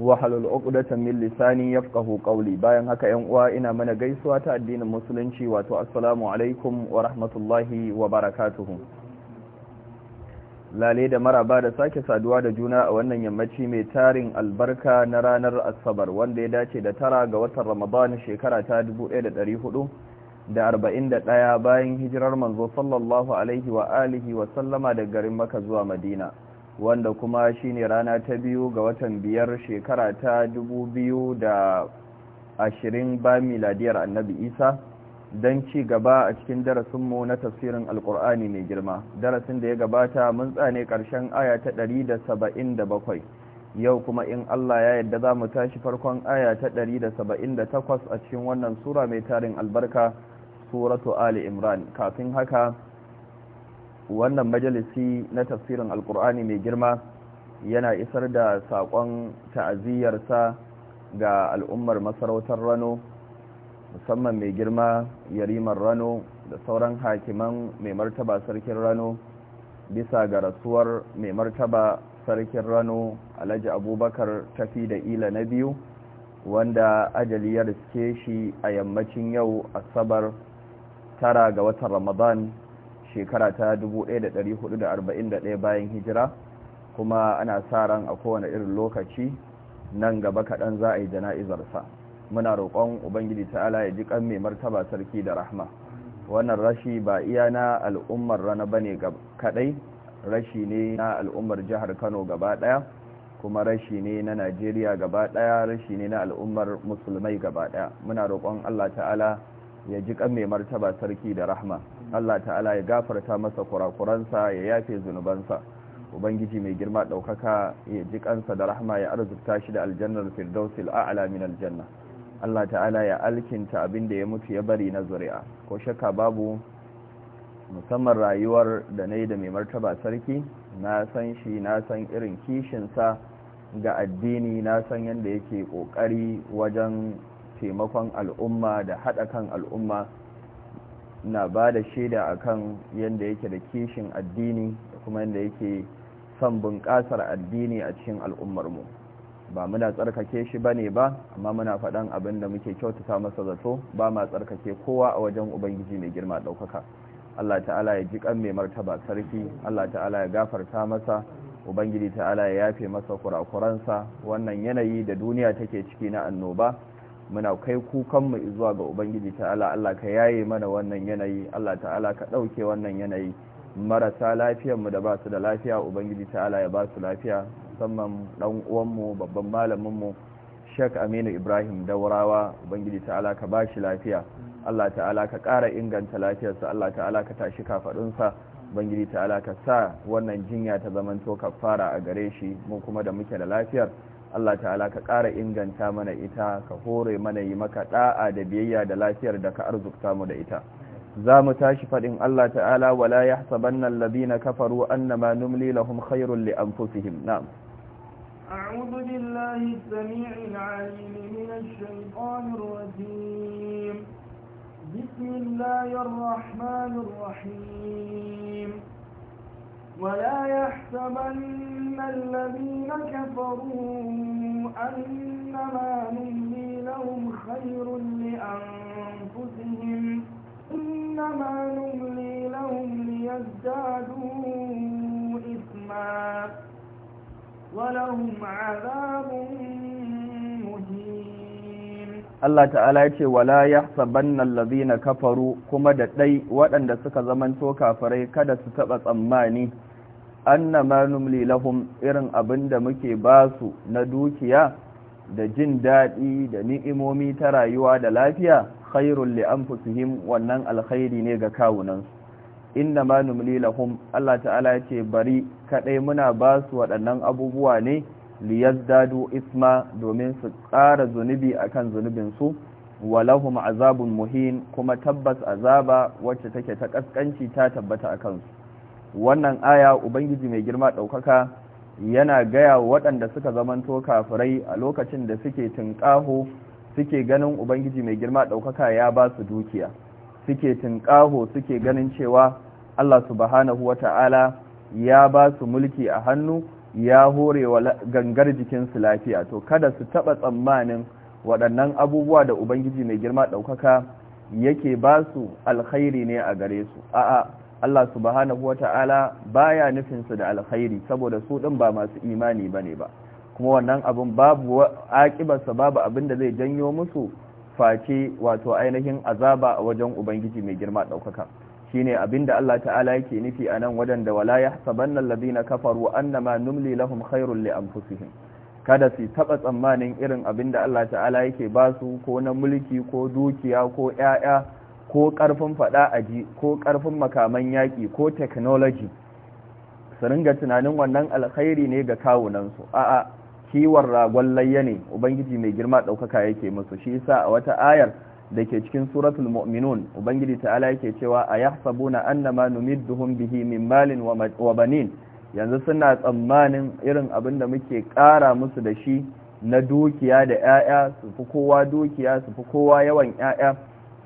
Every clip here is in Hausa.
wahalul uqdatan min lisani yafqahu qawli bayan haka yan uwa ina mana gaisuwa ta addinin musulunci wato assalamu alaikum wa rahmatullahi wa barakatuh lale da maraba da sake saduwa da juna a wannan yammaci mai tarin albarka na ranar asabar wanda ya dace da tara ga watan ramadan shekara ta 1441 da 41 bayan hijirar manzo sallallahu alaihi wa alihi wa sallama daga garin makka zuwa madina wanda kuma shi ne rana ta biyu ga watan biyar shekara ta dubu biyu da ashirin ba miladiyar annabi isa don ci gaba a cikin darasinmu na tafsirin alkur'ani mai girma darasin da ya gabata mun tsane karshen aya ta ɗari da saba'in da bakwai yau kuma in allah ya yadda za mu tashi farkon aya ta ɗari da saba'in da takwas a cikin wannan sura mai tarin albarka suratu ali imran kafin haka wannan majalisi na tafsirin alkur'ani mai girma yana isar da saƙon ta'aziyyarsa ga al'ummar masarautar rano musamman mai girma yarimar rano da sauran hakiman mai martaba sarkin rano bisa ga rasuwar mai martaba sarkin rano alhaji abubakar tafi da ila na biyu wanda ajali ya shi a yammacin yau asabar tara ga watan ramadan shekara ta 1441 bayan hijira kuma ana sa ran a kowane irin lokaci nan gaba kaɗan za a yi jana'izarsa muna roƙon ubangiji ta'ala ya ji kan mai martaba sarki da rahma wannan rashi ba iya na al'ummar rana ba ne kaɗai rashi ne na al'ummar jihar kano gaba ɗaya kuma rashi ne na najeriya gaba ɗaya rashi ne na al'ummar musulmai gaba ɗaya muna roƙon allah ta'ala ya ji kan mai martaba sarki da rahma Allah ta'ala ya gafarta masa kurakuransa ya yafe zunubansa ubangiji mai girma daukaka ya ji kansa da rahma ya arzuta shi da aljannar firdausil a'la min aljanna Allah ta'ala ya alkinta abin da ya mutu ya bari na zuri'a ko shakka babu musamman rayuwar da nayi da mai martaba sarki na san shi na san irin kishin sa ga addini na san yadda yake kokari wajen taimakon al'umma da haɗa kan al'umma na ba da shaida a kan yadda yake da kishin addini da kuma yadda yake son bunƙasar addini a cikin al'ummarmu ba muna tsarkake shi ba ne ba amma muna faɗan abin da muke kyautata masa zato ba ma tsarkake kowa a wajen ubangiji mai girma ɗaukaka allah ta'ala ya ji kan mai martaba sarki allah ta'ala ya gafarta masa ubangiji ta'ala ya yafe masa kurakuransa wannan yanayi da duniya take ciki na annoba muna kai kukanmu zuwa ga ubangiji ta'ala Allah ka yaye mana wannan yanayi Allah ta'ala ka ɗauke wannan yanayi marasa mu da ba su da lafiya ubangiji ta'ala ya ba su lafiya musamman ɗan uwanmu babban malaminmu Sheikh Aminu Ibrahim Daurawa ubangiji ta'ala ka ba shi lafiya Allah ta'ala ka kara inganta lafiyarsa Allah ta'ala ka tashi kafaɗunsa ubangiji ta'ala ka sa wannan jinya ta zamanto kafara a gare shi mu kuma da muke da lafiyar Allah ta'ala ka ƙara inganta mana ita ka hore mana yi maka ɗa'a da biyayya da lafiyar da ka arzukta mu da ita za mu tashi faɗin Allah ta'ala wala ya sabanna alladhina kafaru annama numli lahum khairul li anfusihim na'am أعوذ بالله السميع العليم من الشيطان الرجيم بسم الله الرحمن الرحيم ولا يحسبن الذين كفروا أنما نملي لهم خير لأنفسهم إنما نملي لهم ليزدادوا إثما ولهم عذاب مهين Allah ta'ala yace: ce wala yahsabanna kuma da ɗai waɗanda suka zamanto kafirai kada su taɓa tsammani anna ma numli lahum irin abinda muke ba su na dukiya da jin daɗi da ni'imomi ta rayuwa da lafiya khairul li anfusihim wannan alkhairi ne ga kawunansu inna ma numli lahum Allah ta'ala ce bari kadai muna ba su waɗannan abubuwa ne yazdadu isma domin su ƙara zunubi akan zunubin su walahum azabun muhin kuma tabbas azaba wacce take ta kaskanci ta tabbata akan su wannan aya ubangiji mai girma ɗaukaka yana gaya waɗanda suka zamanto kafirai a lokacin da suke tunƙaho suke ganin ubangiji mai girma ɗaukaka ya ba su dukiya suke tunƙaho suke ganin cewa allah subhanahu wata'ala ya ba su mulki a hannu ya hore wa gangar jikinsu lafiya to kada su taɓa tsammanin waɗannan abubuwa da ubangiji mai girma ɗaukaka yake ba su alkhairi ne a gare su a'a Allah subhanahu ta'ala baya nufin su da alkhairi saboda su ɗin ba masu imani bane ba kuma wannan abun babu aƙibarsa babu abin da zai janyo musu face wato ainihin azaba a wajen ubangiji mai girma daukaka shine abinda Allah ta'ala yake nufi anan wajen da wala yahsabanna alladhina kafaru annama numli lahum khairul li anfusihim kada su taɓa tsammanin irin abinda Allah ta'ala yake basu ko na mulki ko dukiya ko ƴaƴa ko ƙarfin faɗa aji ko ƙarfin makaman yaƙi ko technology su ringa tunanin wannan alkhairi ne ga kawunansu a'a kiwon ragon layya ne ubangiji mai girma ɗaukaka yake musu shi yasa a wata ayar da ke cikin suratul mu'minun ubangiji ta'ala yake cewa a yahsabuna annama numidduhum bihi min malin wa banin yanzu suna tsammanin irin abin da muke ƙara musu da shi na dukiya da 'ya'ya su fi kowa dukiya su fi kowa yawan 'ya'ya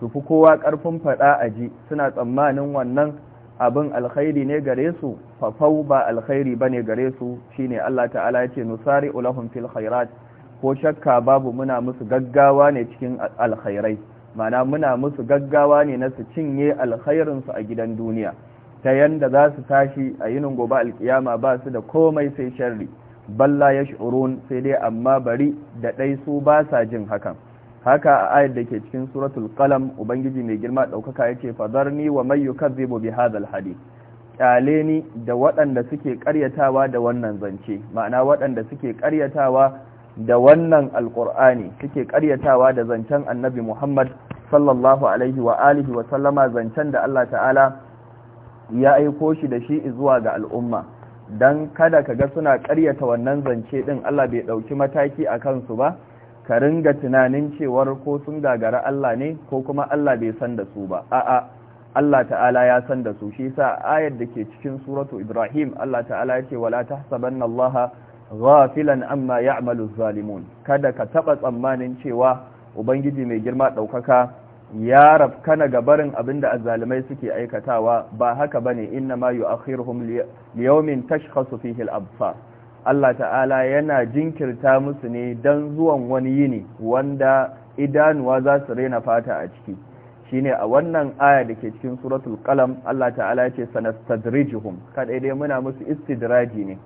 su kowa ƙarfin faɗa a ji suna tsammanin wannan abin alkhairi ne gare su fafau ba alkhairi ba ne gare su shine Allah ta'ala ya ce nusari ulahun fil khairat ko shakka babu muna musu gaggawa ne cikin alkhairai mana muna musu gaggawa ne na su cinye alkhairinsu a gidan duniya ta yanda za su tashi a yinin gobe alkiyama ba su da komai sai sharri balla ya sai dai amma bari da ɗai su ba sa jin hakan haka a ayar da ke cikin suratul qalam ubangiji mai girma daukaka yace fadarni wa may yukazzibu bi hadhal hadith kyale ni da waɗanda suke ƙaryatawa da wannan zance ma'ana waɗanda suke ƙaryatawa da wannan alƙur'ani suke ƙaryatawa da zancen annabi Muhammad sallallahu alaihi wa alihi wa sallama zancen da Allah ta'ala ya aiko shi da shi zuwa ga al'umma dan kada kaga suna ƙaryata wannan zance din Allah bai ɗauki mataki a kansu ba ka ringa tunanin cewar ko sun gagara Allah ne ko kuma Allah bai san da su ba a'a Allah ta'ala ya san da su shi yasa ayar da ke cikin suratu Ibrahim Allah ta'ala ya ce wala tahsabanna Allah ghafilan amma ya'malu zalimun kada ka taba tsammanin cewa ubangiji mai girma daukaka ya rafkana gabarin abinda azzalimai suke aikatawa ba haka bane inna ma yu'akhiruhum liyawmin tashkhasu fihi al-absar Allah ta'ala yana jinkirta musu ne don zuwan wani yini wanda idanuwa za su rena fata a ciki Shi ne a wannan aya da ke cikin suratul kalam Allah ta'ala ce hum. Kaɗai dai muna musu istidraji ne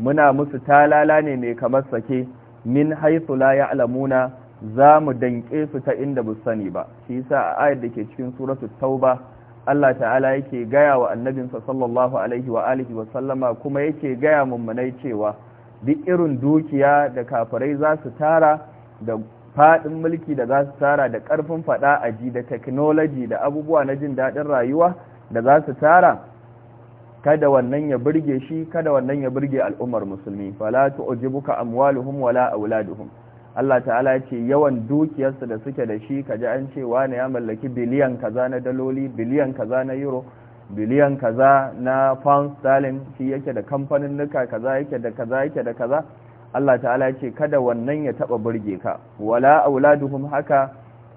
muna musu talala ne mai kamar sake min haythu la ya'lamuna za mu danƙe su ta inda bu sani ba shi yasa a ayar da ke cikin suratul tauba Allah ta'ala yake gaya wa annabinsa sallallahu alaihi wa alihi wa sallama kuma yake gaya mummunai cewa duk irin dukiya da kafirai za su tara da faɗin mulki da za su tara da karfin a aji da technology da abubuwa na jin daɗin rayuwa da za su tara kada wannan ya burge shi kada wannan ya burge al'ummar musulmi fala tu'jibuka amwaluhum wala auladuhum Allah ta'ala ya ce yawan dukiyarsa da suke da shi kaji an ce wani ya mallaki biliyan kaza na daloli biliyan kaza na euro biliyan kaza na pound sterling shi yake da kamfanin nuka kaza yake da kaza yake da kaza Allah ta'ala ya ce kada wannan ya taba burge ka wala auladuhum haka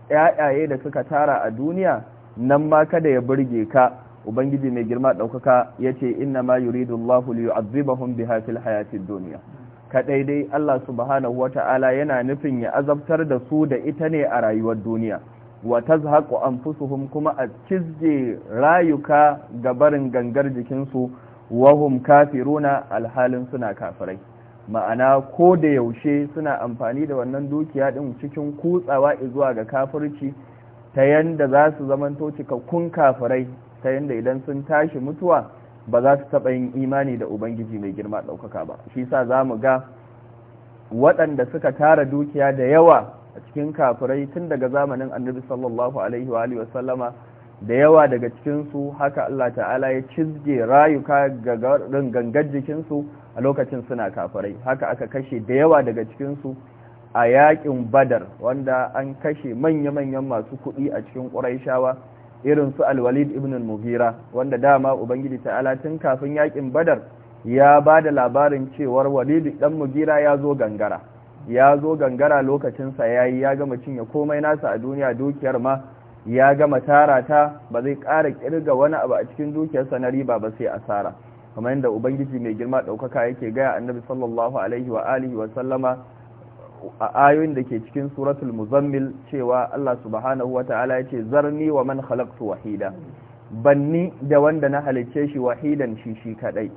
ƴaƴaye da suka tara a duniya nan ma kada ya burge ka ubangiji mai girma daukaka yace inna ma yuridullahu liyu'adhibahum biha fil hayatid dunya kaɗai dai Allah subhanahu wata'ala yana nufin ya azabtar da su da ita ne a rayuwar duniya wa an fusuhun kuma a cizge rayuka ga barin gangar jikinsu wa hum kafiruna alhalin suna kafirai ma'ana ko da yaushe suna amfani da wannan dukiya ɗin cikin kutsawa zuwa ga kafirci ta yanda za su zamanto cikakkun kafirai ta yanda idan sun tashi mutuwa ba za su taɓa yin imani da ubangiji mai girma ɗaukaka ba shi sa za mu ga waɗanda suka tara dukiya da yawa a cikin kafirai tun daga zamanin annabi sallallahu alaihi wa alihi wasallama da yawa daga cikinsu haka Allah ta'ala ya cizge rayuka ga gangar jikinsu a lokacin suna kafirai haka aka kashe da yawa daga cikinsu a yaƙin badar wanda an kashe manya-manyan masu kuɗi a cikin ƙuraishawa irin su alwalid ibn al-mughira wanda dama ubangiji ta'ala tun kafin yakin badar ya ba da labarin cewa walid dan mugira ya zo gangara ya zo gangara lokacinsa ya yi ya gama cinye komai nasa a duniya dukiyar ma ya gama tara ta ba zai ƙara ƙirga wani abu a cikin dukiyarsa na riba ba sai asara kamar yadda ubangiji mai girma ɗaukaka yake gaya annabi sallallahu alaihi wa alihi wa sallama a ayoyin da ke cikin suratul muzammil cewa Allah subhanahu wata'ala ya ce zarni wa man khalaqtu wahida banni da wanda na halicce shi wahidan shi shi kadai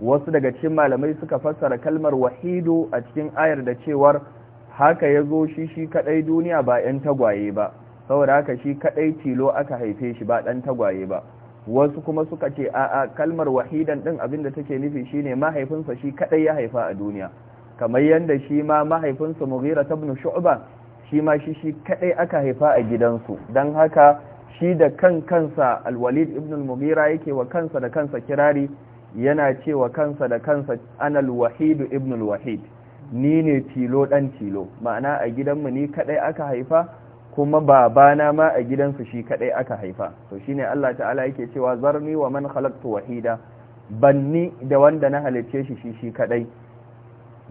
wasu daga cikin malamai suka fassara kalmar wahidu a cikin ayar da cewar haka yazo shi shi kadai duniya ba yan tagwaye ba saboda haka shi kadai tilo aka haife shi ba ɗan tagwaye ba wasu kuma suka ce a'a kalmar wahidan din abinda take nufi shine mahaifinsa shi kadai ya haifa a duniya kamar yadda shi ma mahaifinsa ta bin shu'ba shi ma shi shi kadai aka haifa a gidansu don haka shi da kan kansa alwalid ibn yake wa kansa da kansa kirari yana cewa kansa da kansa anal wahidu ibn wahid ni ne tilo ɗan tilo ma'ana a gidanmu ni kaɗai aka haifa kuma babana ma a gidansu shi kaɗai aka haifa to shine Allah ta'ala yake cewa zarni wa man khalaqtu wahida banni da wanda na halicce shi shi shi kadai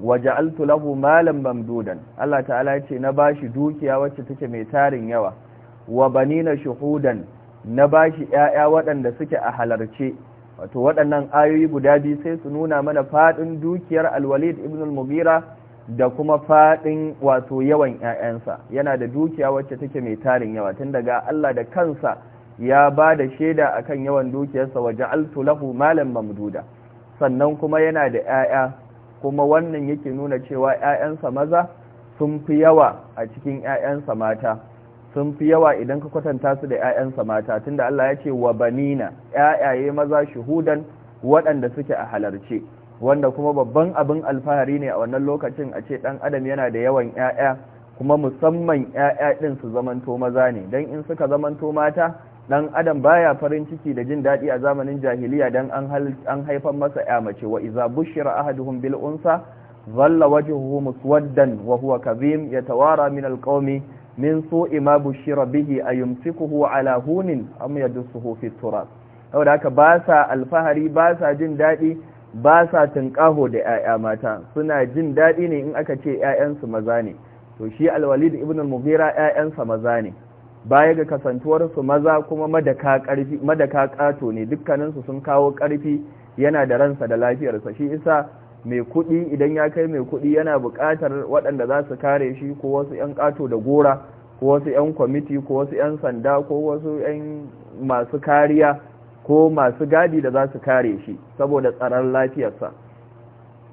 waje lahu malan mamdudan Allah ta'ala yace ce na bashi dukiya wacce take mai tarin yawa wa banina shuhudan na bashi ƴaƴa waɗanda suke a halarce wato waɗannan ayoyi guda biyu sai su nuna mana fadin dukiyar alwalid walid ibn al-Mughira da kuma fadin wato yawan ƴaƴansa yana da dukiya wacce take mai tarin yawa tun daga Allah da kansa ya ba da shaida akan yawan dukiyarsa waja'altu lahu malan mamduda sannan kuma yana da ƴaƴa kuma wannan yake nuna cewa 'ya'yansa maza sun fi yawa a cikin 'ya'yansa mata sun fi yawa idan ka kwatanta su da 'ya'yansa mata tunda Allah ya ce wa banina 'ya'yaye maza shuhudan waɗanda suke a halarce wanda kuma babban abin alfahari ne a wannan lokacin a ce ɗan adam yana da yawan 'ya'ya kuma musamman 'ya'ya ɗin su zamanto maza ne don in suka zamanto mata dan adam baya farin ciki da jin dadi a zamanin jahiliya dan an haifar haifan masa ya mace wa iza bushira ahaduhum bil unsa dhalla wajhuhu muswaddan wa huwa kadhim yatawara min al qawmi min su'i ma bushira bihi ayumsikuhu ala hunin am yadsuhu fi turab saboda haka ba sa alfahari ba sa jin dadi ba sa tunƙaho da 'ya'ya mata suna jin daɗi ne in aka ce 'ya'yansu maza ne to shi alwalid ibn al-mughira 'ya'yansa maza ne baya ga kasantuwarsu maza kuma madaka kato ne dukkaninsu sun kawo karfi yana da ransa da lafiyarsa shi isa mai kudi idan ya kai mai kudi yana bukatar waɗanda za su kare shi ko wasu 'yan kato da gora ko wasu 'yan kwamiti ko wasu 'yan sanda ko wasu 'yan masu kariya ko masu gadi da za su kare shi saboda tsaron lafiyarsa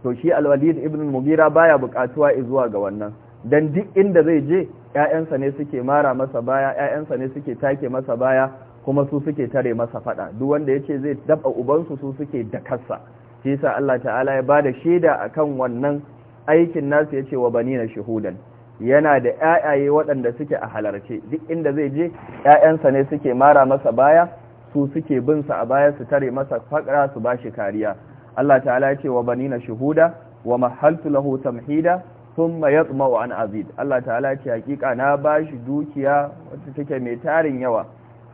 to shi alwalid ibn mugira baya buƙatuwa zuwa ga wannan dan duk inda zai je ya'yansa ne suke mara masa baya ya'yansa ne suke take masa baya kuma su suke tare masa faɗa duk wanda ya ce zai daba ubansu su suke dakarsa shi yasa Allah ta'ala ya ba bada shaida akan wannan aikin nasu yace wa bani na shahudan yana da yayaye waɗanda suke a halarce duk inda zai je ya'yansa ne suke mara masa baya su suke bin sa a baya su tare masa fakra su ba shi kariya Allah ta'ala ya ce wa na shahuda wa mahaltu lahu tamhida thumma yatma'u an azid Allah ta'ala ce hakika na bashi dukiya wacce take mai tarin yawa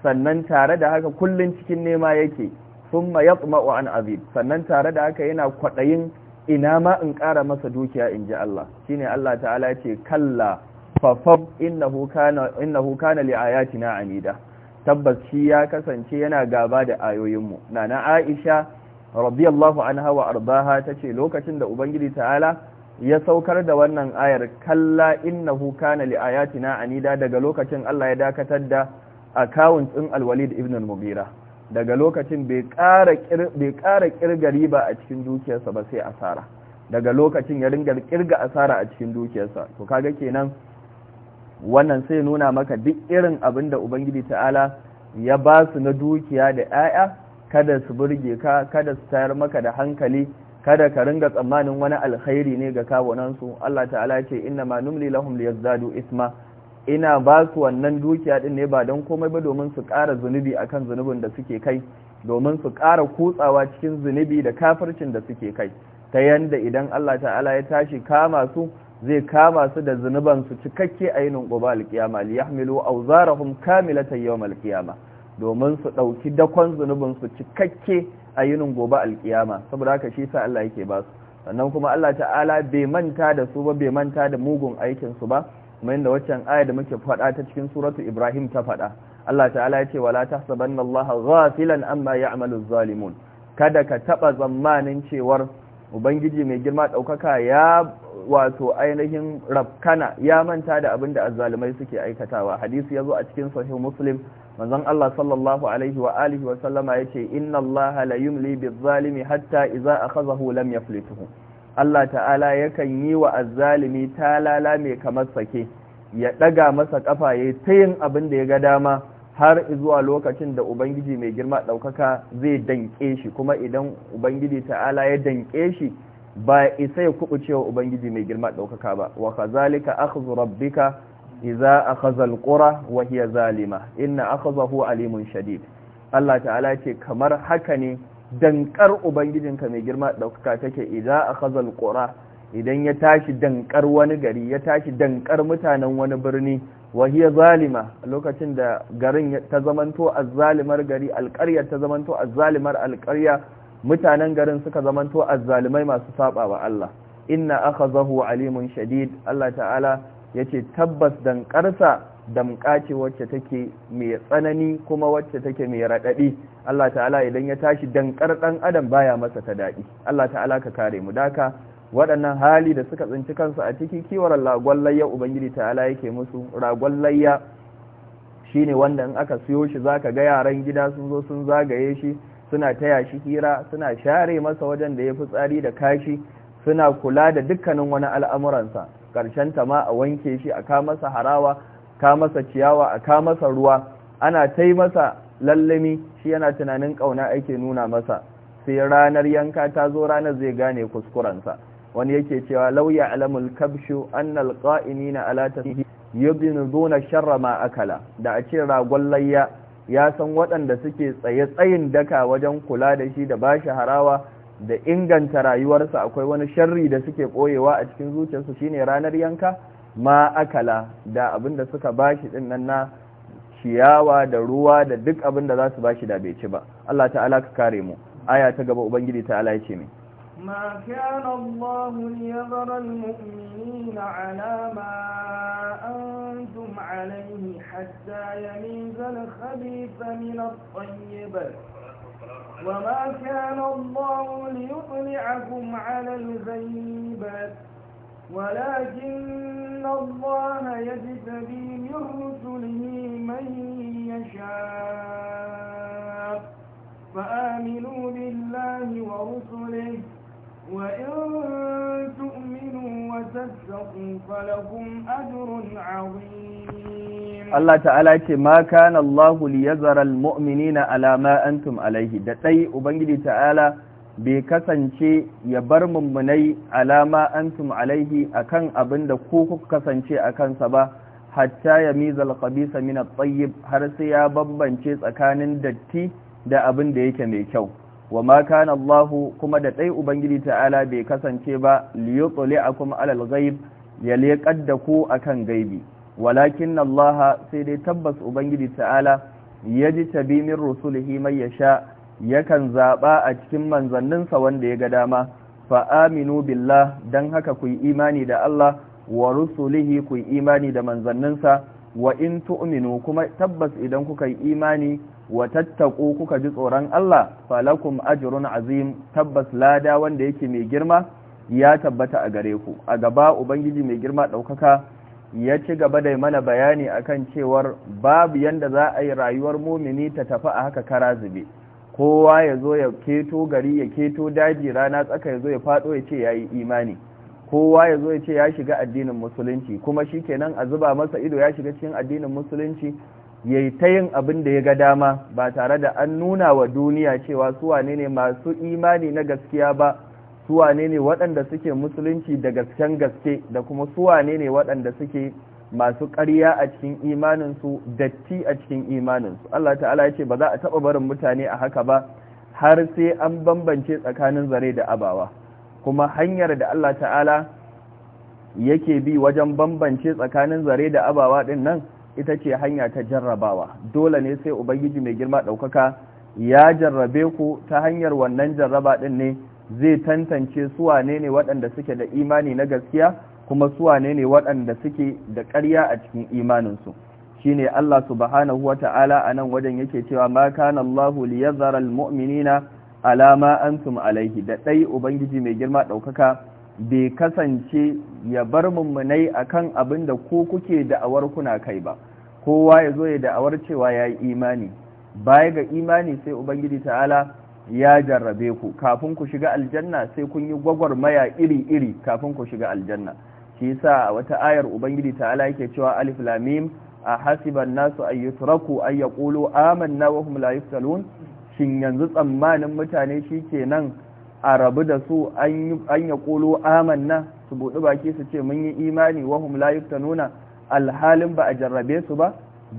sannan tare da haka kullum cikin nema yake thumma yatma'u an azid sannan tare da haka yana kwaɗayin ina ma in ƙara masa dukiya in ji Allah ne Allah ta'ala ce kalla fafab innahu kana innahu kana na anida tabbas shi ya kasance yana gaba da ayoyinmu nana Aisha an hawa Arbaha ta ce lokacin da Ubangiji ta'ala ya saukar da wannan ayar kalla inna, hu kana li ayatina anida daga lokacin Allah ya dakatar da account din al-Walid ibn al-Mughira daga lokacin bai ƙara ƙirga riba a cikin dukiyarsa ba sai asara daga lokacin ya ringa kirga asara a cikin dukiyarsa to kaga kenan wannan sai nuna maka duk irin abin da ubangiji ta'ala ya ba su na dukiya da 'ya'ya kada su burge ka kada su tayar maka da hankali kada ka ringa tsammanin wani alkhairi ne ga kawunansu Allah ta'ala ce inna ma numli lahum liyazdadu isma ina ba su wannan dukiya din ne ba don komai ba domin su ƙara zunubi akan zunubin da suke kai domin su ƙara kutsawa cikin zunubi da kafircin da suke kai ta yanda idan Allah ta'ala ya tashi kama su zai kama su da zunuban su cikakke a yinin gobe alkiyama li yahmilu awzarahum kamilatan yawm alkiyama domin su dauki dakon zunubin su cikakke a gobe alkiyama saboda haka shi sa Allah yake ba su sannan kuma Allah ta'ala bai manta da su ba bai manta da mugun aikin su ba kuma inda waccan aya da muke faɗa ta cikin suratu Ibrahim ta faɗa Allah ta'ala ya ce wala tahsabanna Allah ghafilan amma ya'malu zalimun kada ka taba zamanin cewar ubangiji mai girma daukaka ya wato ainihin rabkana ya manta da abin da azzalumai suke aikatawa hadisi ya zo a cikin sahih muslim manzon Allah sallallahu alaihi wa alihi wa sallama yace inna Allah la yumli zalimi hatta idza akhadhahu lam yaflituhu Allah ta'ala yakan yi wa azzalimi talala mai kamar sake ya daga masa kafa yayin tayin abin da ya ga dama har zuwa lokacin da ubangiji mai girma daukaka zai danke shi kuma idan ubangiji ta'ala ya danke shi ba isa ya cewa ubangiji mai girma daukaka ba wa kazalika akhdhu rabbika idza akhadha alqura wa hiya zalima inna akhadhahu alimun shadid Allah ta'ala ce kamar haka ne dankar ubangijinka mai girma daukaka take idza akhadha alqura idan ya tashi dankar wani gari ya tashi dankar mutanen wani birni wa hiya zalima lokacin da garin ta zamanto azzalimar gari alƙarya ta zamanto azzalimar alqarya mutanen garin suka zamanto azzalumai masu saba wa Allah inna akhazahu alimun shadid Allah ta'ala yace tabbas dan karsa damka ce wacce take mai tsanani kuma wacce take mai radadi Allah ta'ala idan ya tashi dankar ɗan adam baya masa ta dadi Allah ta'ala ka kare mu daka waɗannan hali da suka tsinci kansu a cikin kiwar ragwallayya ubangiji ta'ala yake musu ragwallayya shine wanda in aka siyo shi zaka ga yaran gida sun zo sun zagaye shi suna taya shi hira suna share masa wajen da ya fi tsari da kashi suna kula da dukkanin wani al'amuransa ƙarshen ta ma a wanke shi a kamasa harawa kamasa ciyawa a kamasa ruwa ana tai masa lallami shi yana tunanin ƙauna ake nuna masa sai ranar yanka ta zo ranar zai gane kuskurensa wani yake cewa lauya alamul kabshu annal qa'inina ala tasbihi yubinu duna sharra ma akala da a ce ragon layya ya san waɗanda suke tsaye tsayin daka wajen kula da shi da ba shi harawa da inganta rayuwarsa akwai wani sharri da suke ɓoyewa a cikin zuciyarsu shine ranar yanka ma akala da abin da suka ba shi ɗin nan na ciyawa da ruwa da duk abin da za su ba shi da bai ci ba Allah ta'ala ka kare mu aya ta gaba ubangiji ta'ala ya ce mai ما كان الله ليذر المؤمنين على ما أنتم عليه حتى يميز الخبيث من الطيب وما كان الله ليطلعكم على الغيب ولكن الله يجتبي من رسله من يشاء فآمنوا بالله ورسله وإن تؤمنوا وتتقوا فلكم أجر عظيم الله تعالى ما كان الله ليذر المؤمنين على ما أنتم عليه دتي وبنجي تعالى bai kasance ya bar mummunai alama antum alaihi akan abin da ku kuka kasance a kansa ba hatta ya mizal khabisa min at har sai ya bambance tsakanin datti da abin da yake mai kyau wa maka na allahu kuma da ɗai ubangiji ta'ala bai kasance ba kuma alal ghaib ya leƙar da ku akan gaibi walakin Allah sai dai tabbas ubangiji ta'ala ya tabi min rusulihi mai ya sha yakan zaɓa a cikin manzanninsa wanda ya ga dama fa aminu billah dan haka ku yi imani da Allah wa rusulihi ku yi imani da manzanninsa wa in tu'minu kuma tabbas idan kuka yi imani wa tattaku kuka ji tsoron Allah falakum ajrun azim tabbas lada wanda yake mai girma ya tabbata a gare ku a gaba ubangiji mai girma daukaka ya ci gaba da mana bayani akan cewar babu yanda za a yi rayuwar mumini ta tafi a haka kara zube kowa ya zo ya keto gari ya keto daji rana tsaka ya zo ya fado ya ce ya yi imani kowa ya zo ya ce ya shiga addinin musulunci kuma shikenan a zuba masa ido ya shiga cikin addinin musulunci ya yi ta yin abin da ya ga dama ba tare da an nuna wa duniya cewa su ne masu imani na gaskiya ba su wane ne waɗanda suke musulunci da gasken gaske da kuma su wane ne waɗanda suke masu ƙarya a cikin imaninsu datti a cikin imaninsu Allah ta'ala ya ce ba za a taɓa barin mutane a haka ba har sai an bambance tsakanin zare da abawa kuma hanyar da Allah ta'ala yake bi wajen bambance tsakanin zare da abawa ɗin nan ita ce hanya ta jarrabawa dole ne sai ubangiji mai girma ɗaukaka ya jarrabe ku ta hanyar wannan jarraba ɗin ne zai tantance su ne waɗanda suke da imani na gaskiya kuma suwane ne waɗanda suke da ƙarya a cikin imaninsu shi ne Allah subhanahu wa ta'ala a nan wajen yake cewa ma kana Allahu liyazara almu'minina alama antum alaihi da ɗai ubangiji mai girma ɗaukaka bai kasance ya bar mummunai akan abin da ko kuke da'awar kuna kai ba kowa ya zo ya da'awar cewa ya yi imani baya ga imani sai ubangiji ta'ala ya jarrabe ku kafin ku shiga aljanna sai kun yi gwagwarmaya iri-iri kafin ku shiga aljanna shi sa a wata ayar ubangiji ta'ala yake cewa alif lamim a hasiban nasu an yutraku an yaqulu amanna wa hum la yuftalun shin yanzu tsammanin mutane shi shikenan a rabu da su an yaqulu amanna su buɗi baki su ce mun yi imani wa hum la yuftanuna alhalin ba a jarrabe su ba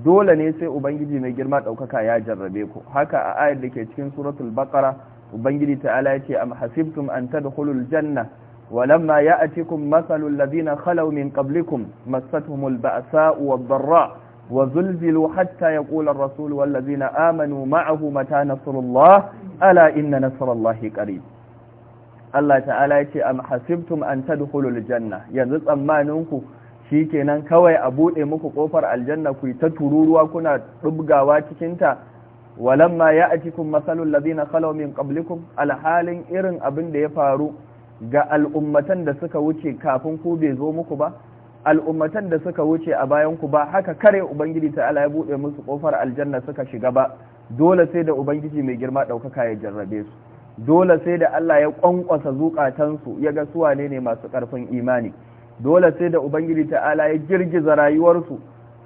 dole ne sai ubangiji mai girma ɗaukaka ya jarrabe ku haka a ayar da ke cikin suratul baqara ubangiji ta'ala ya ce am hasibtum an tadkhulul janna wa lamma ya'atikum mathalul ladina khalaw min qablikum massatuhumul ba'sa'u wadh-dharra wa zulzilu hatta ya ar-rasul wal ladina amanu ma'ahu mata nasrullah ala inna nasrallahi qarib Allah ta'ala ya ce am hasibtum an tadkhulul janna yanzu tsammanin ku shi kenan kawai a buɗe muku ƙofar aljanna ku ta tururuwa kuna ɗubgawa cikinta walamma ya cikin masalul ladina khalaw kalomin ƙablikun alhalin irin abin da ya faru ga al'ummatan da suka wuce kafin ku bai zo muku ba al'ummatan da suka wuce a bayan ku ba haka kare ubangiji ta ala ya buɗe musu ƙofar aljanna suka shiga ba dole sai da ubangiji mai girma ɗaukaka ya jarrabe su dole sai da Allah ya ƙwanƙwasa zuƙatansu ya ga suwane ne masu ƙarfin imani dole sai da ubangiji ta'ala ya girgiza rayuwarsu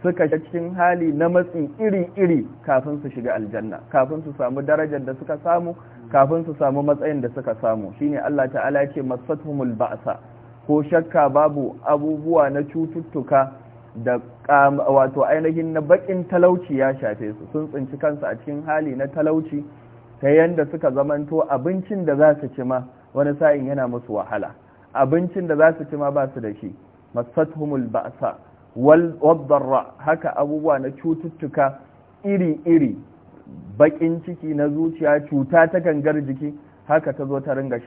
suka cikin hali na matsi iri-iri kafin su shiga aljanna kafin su samu darajar da suka samu kafin su samu matsayin da suka samu shine Allah ta'ala ya ce masathumul ba'sa ko shakka babu abubuwa na cututtuka da wato ainihin na bakin talauci ya shafe su sun tsinci kansu a cikin hali na talauci ta yanda suka zamanto abincin da za su ci ma wani sa'in yana musu wahala abincin da za su ci ma ba su da shi masathumul ba'sa wal haka abubuwa na cututtuka iri-iri bakin ciki na zuciya cuta ta gangar jiki haka ta zo ta ringa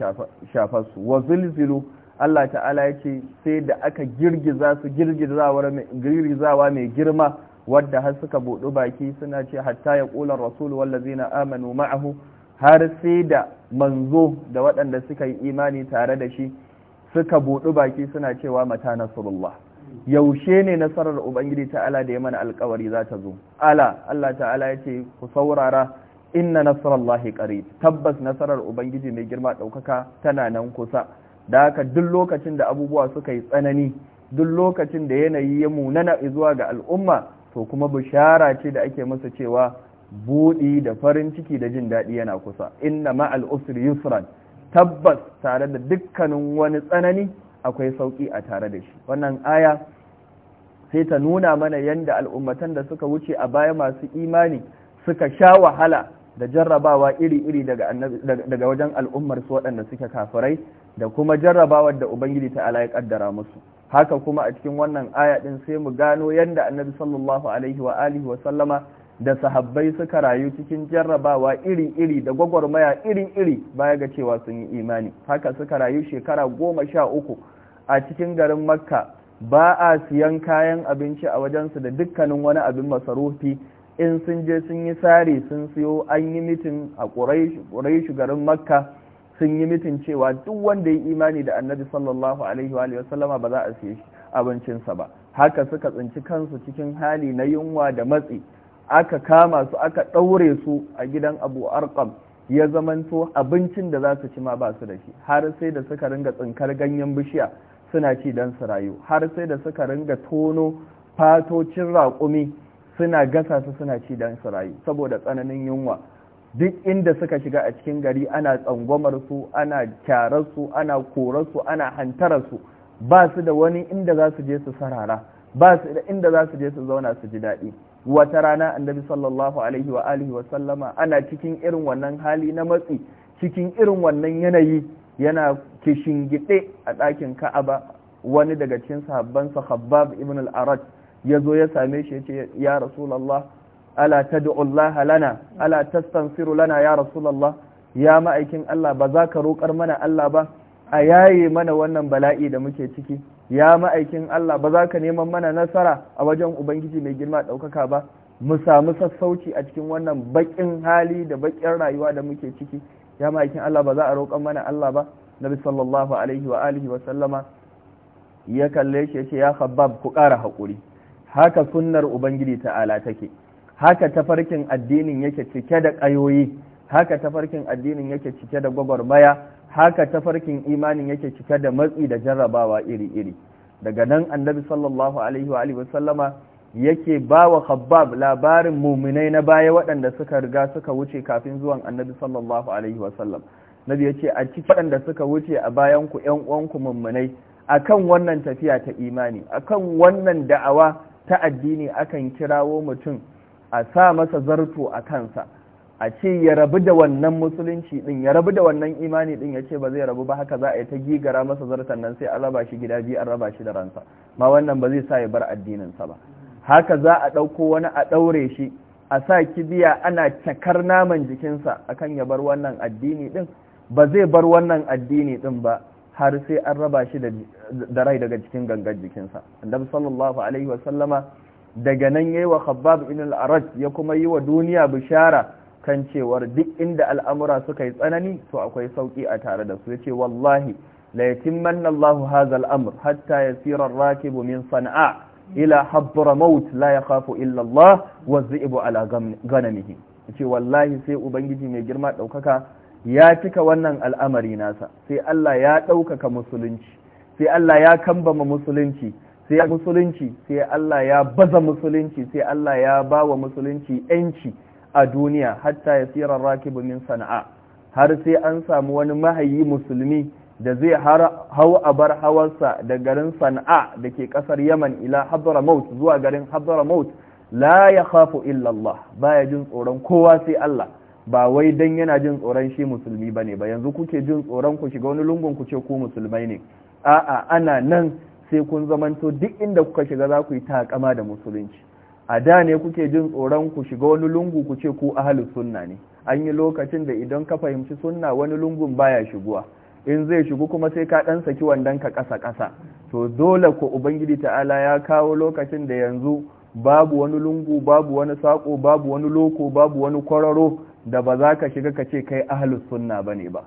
shafarsu wa zulzulu Allah ta'ala ya ce sai da aka girgiza su girgizawa mai girma wadda har suka buɗu baki suna ce hatta ya ƙular rasulu na amanu ma'ahu har sai da manzo da waɗanda suka yi imani tare da shi suka buɗu baki suna cewa mata nasarullah yaushe ne nasarar ubangiji ta ta'ala da ya mana alkawari za ta zo ala Allah ta'ala ya ce ku saurara inna nasarallahi qarib tabbas nasarar ubangiji mai girma ɗaukaka tana nan kusa da haka duk lokacin da abubuwa suka yi tsanani duk lokacin da yanayi ya munana zuwa ga al'umma to kuma bishara ce da ake masa cewa buɗi da farin ciki da jin daɗi yana kusa inna ma'al usri yusran tabbas tare da dukkanin wani tsanani akwai sauƙi a tare da shi wannan aya sai ta nuna mana yadda al'ummatan da suka wuce a baya masu imani suka sha wahala da jarrabawa iri-iri daga wajen al'ummar su waɗanda suke kafirai da kuma jarrabawar da ubangiji ta ala ya kaddara musu haka kuma a cikin wannan aya din sai mu gano yadda annabi sallallahu alaihi wa alihi wa sallama da sahabbai suka rayu cikin jarrabawa iri-iri da gwagwarmaya iri-iri baya ga cewa sun yi imani haka suka rayu shekara goma sha uku a cikin garin makka ba a siyan kayan abinci a wajensu da dukkanin wani abin masarufi in sun je sun yi sari sun siyo an yi mitin a ƙuraishu garin makka sun yi mitin cewa duk wanda ya imani da annabi sallallahu alaihi wa ba za a siye abincinsa ba haka suka tsinci kansu cikin hali na yunwa da matsi aka kama su aka ɗaure su a gidan abu arƙam, ya zamanto abincin da za su ci ma ba su da shi har sai da suka ringa tsinkar ganyen bishiya suna ci don su rayu har sai da suka ringa tono fatocin raƙumi suna gasa su suna ci don su rayu saboda tsananin yunwa duk inda suka shiga a cikin gari ana tsangwamar su ana kyararsu ana korar ana hantarar su ba su da wani inda za su je su sarara ba su da inda za su je su zauna su ji daɗi wata rana annabi sallallahu alaihi wa alihi wa sallama ana cikin irin wannan hali na matsi cikin irin wannan yanayi yana Kishingide a ɗakin ka'aba wani daga cikin sahabban sahabbab ibn al-arad ya zo ya same shi ya ce ya rasulallah ala tad'ullaha lana ala tastansiru lana ya rasulallah ya ma'aikin Allah ba za ka roƙar mana Allah ba a yaye mana wannan bala'i da muke ciki ya ma'aikin Allah ba za ka neman mana nasara a wajen ubangiji mai girma ɗaukaka ba mu samu sassauci a cikin wannan baƙin hali da baƙin rayuwa da muke ciki ya ma'aikin Allah ba za a roƙon mana Allah ba nabi sallallahu alaihi wa alihi wa sallama ya kalle shi ce ya khabbab ku ƙara haƙuri haka sunnar ubangiji ta'ala take haka tafarkin addinin yake cike da ƙayoyi haka tafarkin addinin yake cike da gwagwarmaya haka tafarkin imanin yake cike da matsi da jarrabawa iri-iri daga nan annabi sallallahu alaihi wa alihi wasallama yake bawa khabbab labarin muminai na baya waɗanda suka riga suka wuce kafin zuwan annabi sallallahu alaihi sallam nabi yace a cikin waɗanda suka wuce a bayan ku ƴan ku muminai akan wannan tafiya ta imani akan wannan da'awa ta addini akan kirawo mutum a sa masa zarto a kansa a ce ya rabu da wannan musulunci din ya rabu da wannan imani din ya ce ba zai rabu ba haka za a yi ta gigara masa zartan nan sai an raba shi gida biyu an raba shi da ransa ma wannan ba zai sa ya bar addininsa ba haka za a ɗauko wani a ɗaure shi a sa kibiya ana cakar naman jikinsa akan ya bar wannan addini din ba zai bar wannan addini din ba har sai an raba shi da rai daga cikin gangar jikinsa annabi sallallahu alaihi wa sallama daga nan yayi wa khabbab ibn al-arad ya kuma yi wa duniya bishara kan cewar duk inda al'amura suka yi tsanani to akwai sauƙi a tare da su ya ce wallahi laifin yatimmanna Allahu hadha al-amr hatta ya ar-rakibu min sana'a ila habra maut la ya illa illallah. wa dhi'bu ala ganamihi ce wallahi sai ubangiji mai girma ɗaukaka. ya cika wannan al'amari nasa sai Allah ya ɗaukaka musulunci sai Allah ya kambama musulunci sai musulunci sai Allah ya baza musulunci sai Allah ya bawa musulunci yanci a duniya hatta ya tsira rakibu min sana'a har sai an samu wani mahayi musulmi da zai hau a bar hawarsa da garin sana'a da ke kasar yaman ila maut zuwa garin maut la ya khafu illallah baya jin tsoron kowa sai Allah ba wai don yana jin tsoron shi musulmi ba ne ba yanzu kuke jin tsoron ku shiga wani lungun ku ce ku musulmai ne a'a ana nan sai kun zamanto duk inda kuka shiga za ku yi taƙama da musulunci a da ne kuke jin tsoron ku shiga wani lungu ku ce ku ahalus sunna ne an yi lokacin da idan ka fahimci sunna wani lungun baya shiguwa in zai shigu kuma sai ka dan saki wandan ka kasa kasa to dole ku ubangiji ta'ala ya kawo lokacin da yanzu babu wani lungu babu wani sako babu wani loko babu wani kwararo da ba za ka shiga ka ce kai ahalus sunna bane ba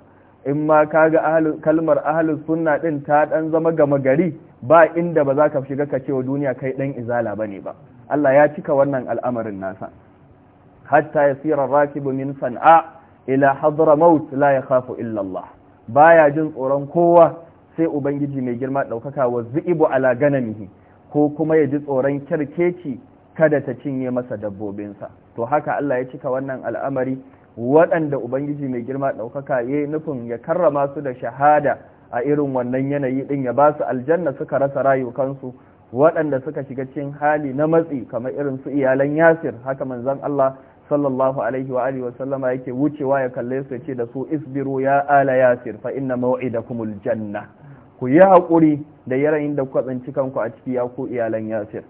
in ma ka ga kalmar ahalus sunna din ta dan zama gama gari ba inda ba za ka shiga ka ce wa duniya kai dan izala bane ba Allah ya cika wannan al'amarin nasa hatta yasira rakibu min san'a ila maut la ya kafa illallah. Ba ya jin tsoron kowa sai ubangiji mai girma ɗaukaka wa zu'ibu ala ganamihi ko kuma ya ji tsoron kirkeci kada ta cinye masa dabbobinsa to haka Allah ya cika wannan al'amari waɗanda ubangiji mai girma ɗaukaka ya nufin ya karrama su da shahada a irin wannan yanayi ɗin ya ba su aljanna suka rasa rayukansu waɗanda suka shiga cikin hali na matsi kamar irin su iyalan yasir haka manzon Allah sallallahu alaihi wa alihi yake wucewa ya kalle su ce da su isbiru ya ala yasir fa inna maw'idakumul janna ku yi haƙuri da yarayin da kuka tsinci kanku a ciki ya ku iyalan yasir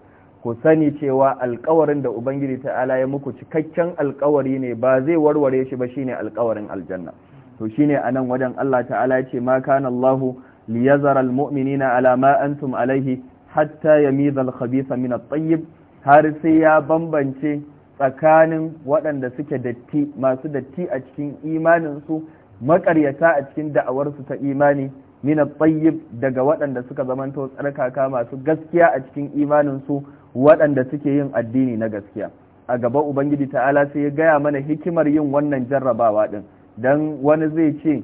ku sani cewa alƙawarin da ubangiji ta'ala ya muku cikakken alƙawari ne ba zai warware shi ba shine alƙawarin aljanna to shine anan wajen Allah ta'ala ya ce ma kana Allahu liyazara almu'minina ala ma antum alaihi hatta ya mizal khabisa min at-tayyib har sai ya bambance tsakanin waɗanda suke datti masu datti a cikin imaninsu maƙaryata a cikin da'awarsu ta imani min at-tayyib daga waɗanda suka zamanto tsarkaka masu gaskiya a cikin imaninsu waɗanda suke yin addini na gaskiya a gaba ubangiji ta'ala sai ya gaya mana hikimar yin wannan jarrabawa din dan wani zai ce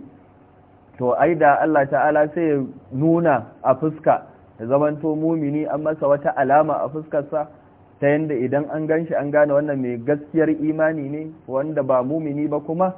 to ai da Allah ta'ala sai ya nuna a fuska ya zamanto mumini an masa wata alama a fuskarsa ta yadda idan an shi an gane wannan mai gaskiyar imani ne wanda ba mumini ba kuma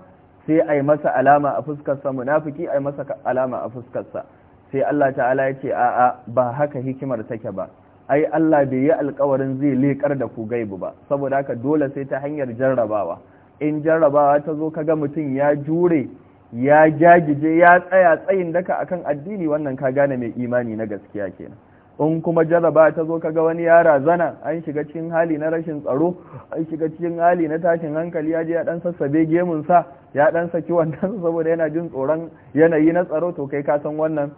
sai a yi masa alama a fuskarsa munafiki a yi masa alama a fuskarsa sai Allah ta'ala ya ce a'a ba haka hikimar take ba ai Allah bai yi alkawarin zai lekar da ku gaibu ba saboda haka dole sai ta hanyar jarrabawa in jarrabawa ta zo ga mutum ya jure ya jajije ya tsaya tsayin daka akan addini wannan ka gane mai imani na gaskiya kenan in kuma jaraba ta zo kaga wani ya razana an shiga cikin hali na rashin tsaro an shiga cikin hali na tashin hankali ya je ya dan sassabe gemun sa ya dan saki wannan saboda yana jin tsoron yanayi na tsaro to kai ka san wannan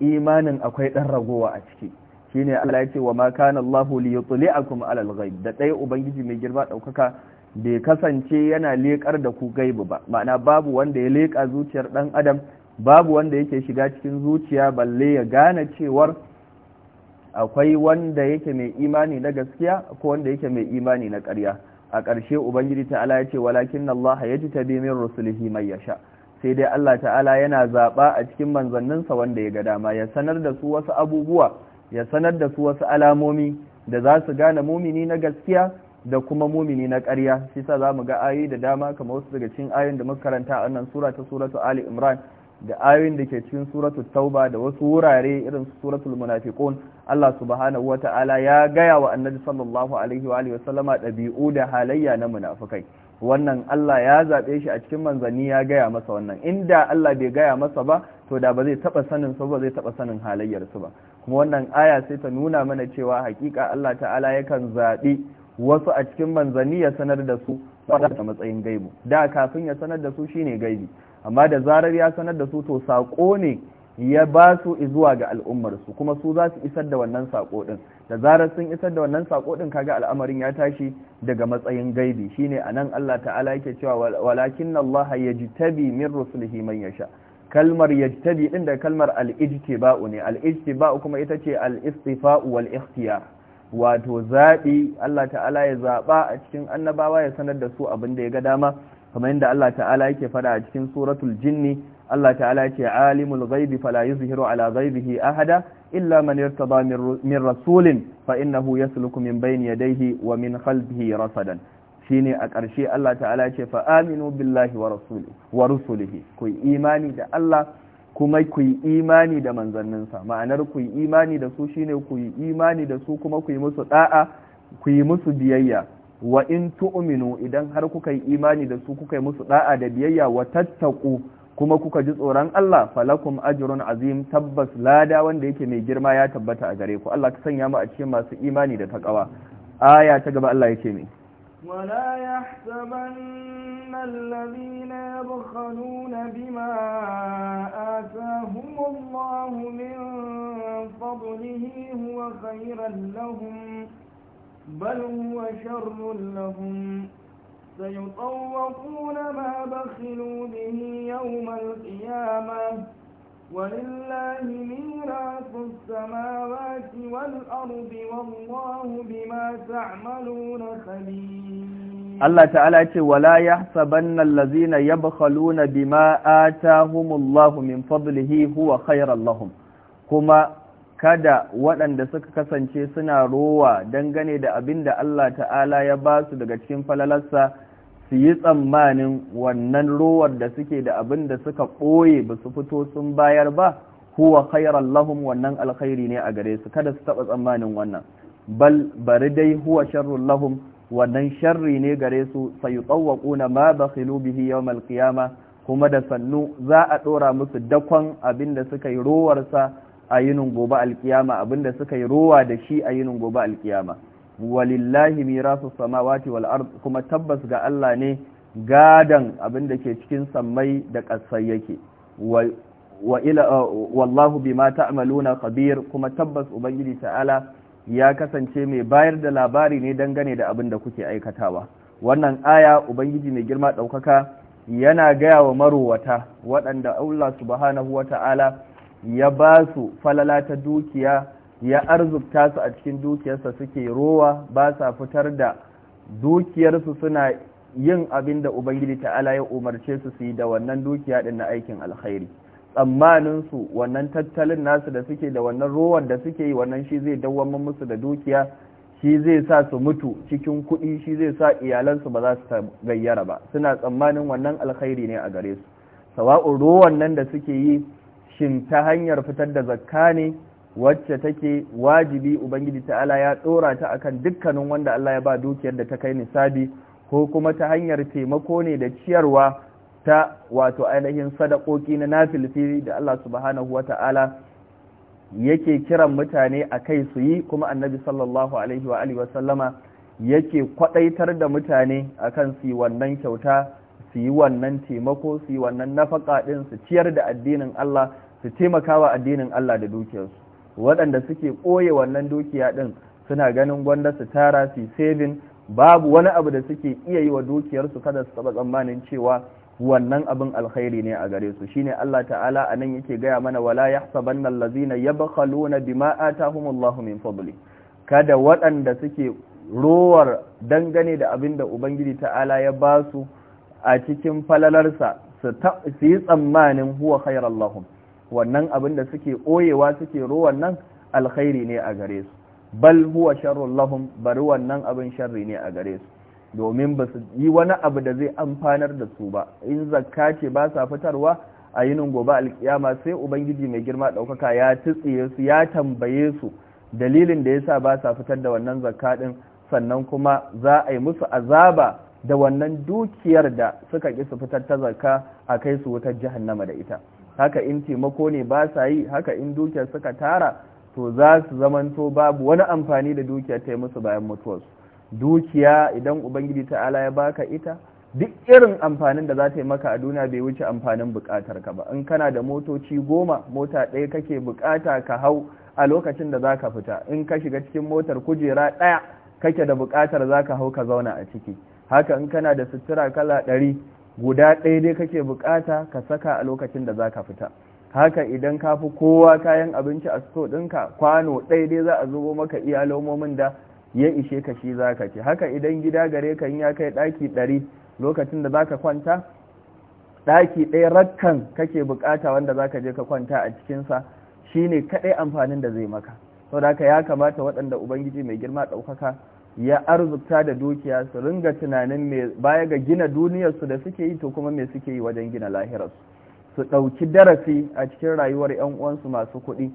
imanin akwai dan ragowa a ciki shine Allah ya ce wa ma kana Allahu li yutli'akum alal ghaib da dai ubangiji mai girma daukaka bai kasance yana leƙar da ku gaibu ba ma'ana babu wanda ya leka zuciyar ɗan adam babu wanda yake shiga cikin zuciya balle ya gane cewar akwai wanda yake mai imani na gaskiya ko wanda yake mai imani na ƙarya a ƙarshe ubangiji ta'ala ya ce walakin allaha ya ji tabi min rusulihi mai yasha sai dai Allah ta'ala yana zaɓa a cikin manzanninsa wanda ya ga dama ya sanar da su wasu abubuwa ya sanar da su wasu alamomi da za su gane mumini na gaskiya da kuma mumini na ƙarya shi sa za mu ga ayoyi da dama kamar wasu daga cikin ayoyin da muka karanta a wannan sura ta suratu ali imran da ayoyin da ke cikin suratu tauba da wasu wurare irin suratul munafiqun Allah subhanahu wata'ala ya gaya wa annabi sallallahu alaihi wa alihi wasallama dabi'u da halayya na munafikai wannan Allah ya zabe shi a cikin manzanni ya gaya masa wannan inda Allah bai gaya masa ba to da ba zai taba sanin su ba zai taba sanin halayyar su ba kuma wannan aya sai ta nuna mana cewa hakika Allah ta'ala yakan zabi wasu a cikin manzanni ya sanar da su wadata matsayin gaibu da kafin ya sanar da su shine gaibi amma da zarar ya sanar da su to sako ne ya ba su zuwa ga al'ummarsu kuma su za su isar da wannan sako din da zarar sun isar da wannan sako din kaga al'amarin ya tashi daga matsayin gaibi shine nan Allah ta'ala yake cewa walakin Allah yajtabi min rusulihi man yasha kalmar yajtabi din da kalmar al-ijtiba'u ne al-ijtiba'u kuma ita ce al-istifa'u wal ikhtiyar wato zaɓi Allah ta'ala ya zaɓa a cikin annabawa ya sanar da su abin da ya ga dama kamar yadda Allah ta'ala yake fada a cikin suratul jinni Allah ta'ala ce alimul ghaibi fala yuzhiru ala ghaibihi ahada illa man irtada min rasulin fa innahu yasluku min bayni yadayhi wa min khalfihi rasadan shine a ƙarshe Allah ta'ala ce fa aminu billahi wa rasulihi wa rusulihi ku imani da Allah kuma ku yi imani da manzanninsa ma'anar ku yi imani da su shine ku yi imani da su kuma ku yi musu da'a ku yi musu biyayya wa in tu'minu idan har kuka yi imani da su kuka yi musu da'a da biyayya wa tattaku kuma kuka ji tsoron Allah falakum ajrun azim tabbas lada wanda yake mai girma ya tabbata a gare ku Allah ka sanya mu a cikin masu imani da takawa aya ta gaba Allah yake mai ولا يحسبن الذين يبخلون بما آتاهم الله من فضله هو خيرا لهم بل هو شر لهم سيطوقون ما بخلوا به يوم القيامة ولله ميراث السماوات والأرض والله بما تعملون خبير الله تعالى ولا يحسبن الذين يبخلون بما آتاهم الله من فضله هو خير لهم كما kada waɗanda suka kasance suna rowa dangane da abin da Allah ta'ala ya ba su daga cikin falalarsa su yi tsammanin wannan rowar da suke da abin da suka ɓoye ba su fito sun bayar ba huwa khairan lahum wannan alkhairi ne a gare su kada su taɓa tsammanin wannan bal bari dai huwa sharrun lahum wannan sharri ne gare su sayutawwaquna ma ba bakhilu bihi yau qiyama kuma da sannu za a ɗora musu dakon abin da suka yi rowarsa a yinin gobe alkiyama da suka yi rowa da shi a yinin gobe alkiyama walillahi mirasu samawati wal ard kuma tabbas ga Allah ne gadan abin da ke cikin sammai da ƙasai yake wa ila uh, wallahu bima ta'maluna khabir kuma tabbas ubangiji ta'ala ya kasance mai bayar da labari ne dangane da abin da kuke aikatawa wannan aya ubangiji mai girma daukaka yana gaya wa marowata waɗanda Allah subhanahu wata'ala ya ba su falala ta dukiya ya arzukta su a cikin dukiyarsa suke rowa ba sa fitar da dukiyarsu suna yin abin da ubangiji ta'ala ya umarce su su yi da wannan dukiya din na aikin alkhairi tsammaninsu wannan tattalin nasu da suke da wannan rowan da suke yi wannan shi zai dawwamin musu da dukiya shi zai sa su mutu cikin kuɗi shi zai sa iyalansu ba za su gayyara ba suna tsammanin wannan alkhairi ne a gare su sawa'un rowan nan da suke yi shin ta hanyar fitar da zakka ne wacce take wajibi ubangiji ta'ala ya dora ta akan dukkanin wanda Allah ya ba dukiyar da ta kai nisabi ko kuma ta hanyar taimako ne da ciyarwa ta wato ainihin sadakoki na nafilfi da Allah subhanahu wata'ala yake kiran mutane a kai su yi kuma annabi sallallahu alaihi wa alihi wasallama yake kwadaitar da mutane akan su yi wannan kyauta su yi wannan taimako su yi wannan nafaka din su ciyar da addinin Allah su taimakawa addinin Allah da dukiyarsu waɗanda suke ƙoye wannan dukiya ɗin suna ganin gwanda su tara su saving babu wani abu da suke iya yi wa dukiyarsu kada su taɓa tsammanin cewa wannan abin alkhairi ne a gare su shine Allah ta'ala a nan yake gaya mana wala yahsabanna allazina yabkhaluna bima atahumullahu min fadli kada waɗanda suke rowar dangane da abin da ubangiji ta'ala ya ba su a cikin falalarsa su yi tsammanin huwa lahum. wannan abin da suke oyewa suke ruwan nan alkhairi ne a gare su bal huwa sharrul lahum bari wannan abin sharri ne a gare su domin ba su yi wani abu da zai amfanar da su ba in zakka ce ba sa fitarwa a yinin gobe alkiyama sai ubangiji mai girma ɗaukaka ya tsitsiye su ya tambaye su dalilin da yasa ba sa fitar da wannan zakka din sannan kuma za a yi musu azaba da wannan dukiyar da suka ƙi su fitar ta zakka a kai su wutar jahannama da ita haka in taimako ne ba sa yi haka in dukiyar suka tara to za su zamanto babu wani amfani da dukiya ta yi musu bayan mutuwarsu dukiya idan ubangiji ta'ala ya baka ita duk irin amfanin da za ta yi maka a duniya bai wuce amfanin bukatar ka ba in kana da motoci goma mota ɗaya kake bukata ka hau a lokacin da za ka fita in ka shiga cikin motar kujera ɗaya kake da bukatar za ka hau ka zauna a ciki haka in kana da sutura kala ɗari guda ɗaya dai kake bukata ka saka a lokacin da za ka fita haka idan ka fi kowa kayan abinci a sito ɗinka kwano ɗaya dai za a zubo maka iya da ya ishe ka shi za ka ce haka idan gida gare ka ya kai ɗaki ɗari lokacin da za ka kwanta ɗaki ɗaya rakkan kake bukata wanda za ka je ka kwanta a cikinsa shi ne kaɗai amfanin da zai maka sau da ya kamata waɗanda ubangiji mai girma ɗaukaka ya arzuta da dukiya su ringa tunanin mai baya ga gina duniyarsu da suke yi to kuma mai suke yi wajen gina lahirarsu su ɗauki darasi a cikin rayuwar 'yan uwansu masu kuɗi